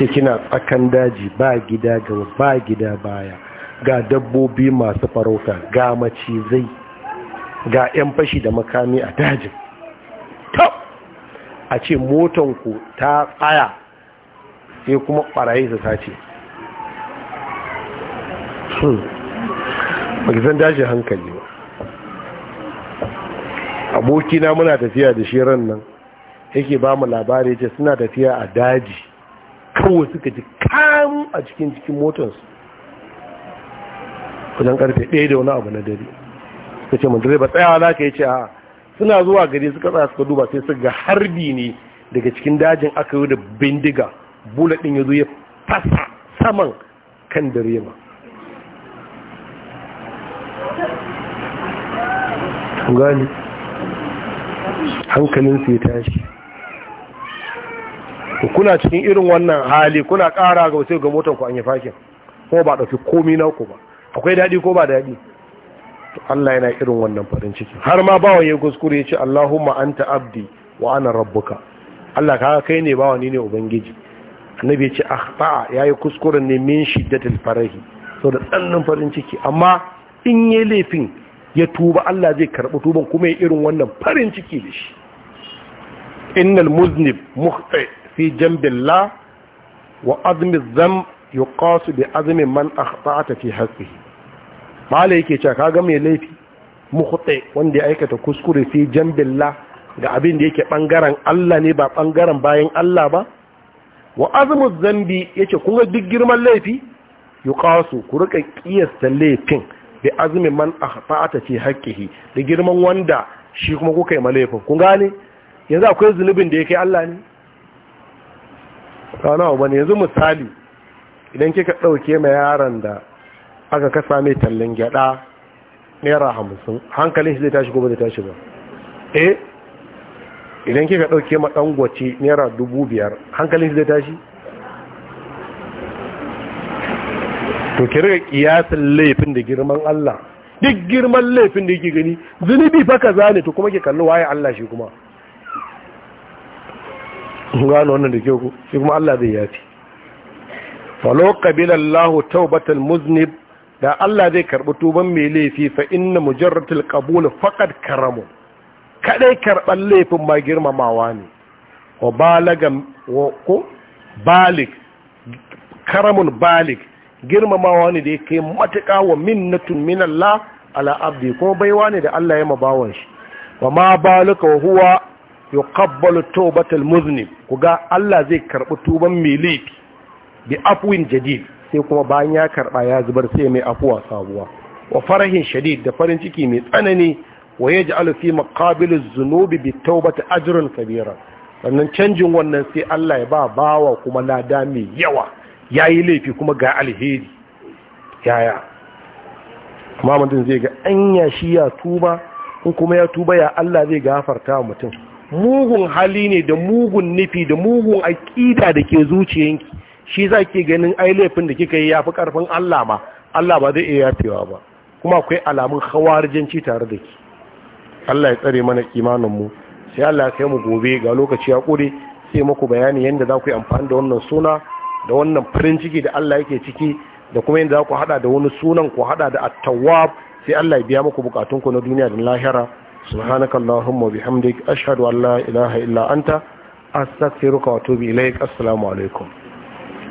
Ke kina tsakan daji ba gida gaba ba gida baya ga dabbobi masu farauta ga macizai ga 'yan fashi da makami a dajin top a ce motanku ta tsaya sai kuma ɓarayi su sace magisan hmm. dajin hankali ba abokina muna tafiya da shi ran nan yake ba mu labari ce suna tafiya a daji kawai suka ji kamun a cikin cikin motarsu kudan karfe ɗaya da wani abu na dare suka ce mun direba tsayawa za ka yi ce a suna zuwa gari suka tsaya suka duba sai su ga harbi ne daga cikin dajin aka yi da bindiga bullet ya zo ya fasa saman kan direba gani hankalin su ya tashi kuna cikin irin wannan hali kuna kara ga wasu ga motonku an yi fakin ko ba ɗauki komi na ku ba akwai daɗi ko ba daɗi to Allah yana irin wannan farin ciki har ma bawa ya kuskure ya ce Allahumma anta abdi wa ana rabbuka Allah ka kai ne bawa ni ne ubangiji annabi ya ce akhta yayi kuskuren ne min shiddatil farahi da tsannin farin ciki amma in yi laifin ya tuba Allah zai karɓi tuban kuma ya irin wannan farin ciki da shi innal muznib mukhta fi jambillah wa azmi dhanb yuqasu bi azmi man akhta'ata fi haqqihi mala yake cewa kaga mai laifi mukhti wanda ya aikata kuskure fi jambilla ga abin da yake bangaren Allah ne ba bangaren bayan Allah ba wa azmu zambi yace kun ga duk girman laifi qasu ku rika kiyasta laifin bi azmi man akhfa'ata fi haqqihi da girman wanda shi kuma kuka yi malaifin kun gane yanzu akwai zunubin da yake Allah ne kana wani yanzu misali idan kika dauke ma yaron da aka kasa mai tallan gyada naira hamsin hankalin shi zai tashi ko da tashi ba eh idan kika dauke ma dan gwace naira dubu biyar hankalin shi zai tashi to ki riga kiyasin laifin da girman Allah duk girman laifin da yake gani zunubi fa kaza ne to kuma ke kalli waye Allah shi kuma gano wannan da ke ku shi kuma Allah zai yafi falo kabilallahu Allah tawbatal muznib da Allah zai karɓi tuban mai laifi fa inna mujarratul qabul faqad karamu kadai karban laifin ma girmamawa ne wa balaga wa ko balik karamun balik girmamawa ne da yake matuƙa wa minnatun min Allah ala abdi kuma baiwa ne da Allah ya mabawan shi wa ma balika wa huwa yuqabbalu tawbatal muznib kuga Allah zai karɓi tuban mai laifi bi afwin jadid sai kuma bayan ya karɓa ya zubar sai mai afuwa sabuwa wa farahin shadid da farin ciki mai tsanani wa ya ji alufi makabili zunubi bi taubata ajirin kabira sannan canjin wannan sai Allah ya ba bawa kuma lada mai yawa ya yi laifi kuma ga alheri yaya amma mutum zai ga anya shi ya tuba in kuma ya tuba ya Allah zai gafarta mutum mugun hali ne da mugun nufi da mugun aƙida da ke zuciyanki shi za ke ganin ai laifin da kika yi ya fi ƙarfin Allah ma Allah ba zai iya yafewa ba kuma akwai alamun hawarijanci tare da ki Allah ya tsare mana imanin sai Allah ya kai mu gobe ga lokaci ya kure sai muku bayani yadda za ku yi amfani da wannan suna da wannan farin ciki da Allah yake ciki da kuma yadda za ku haɗa da wani sunan ku haɗa da attawab, sai Allah ya biya muku buƙatunku na duniya da lahira سبحانك اللهم وبحمدك أشهد أن لا ilaha illa أنت أستغفرك وأتوب إليك السلام assalamu alaikum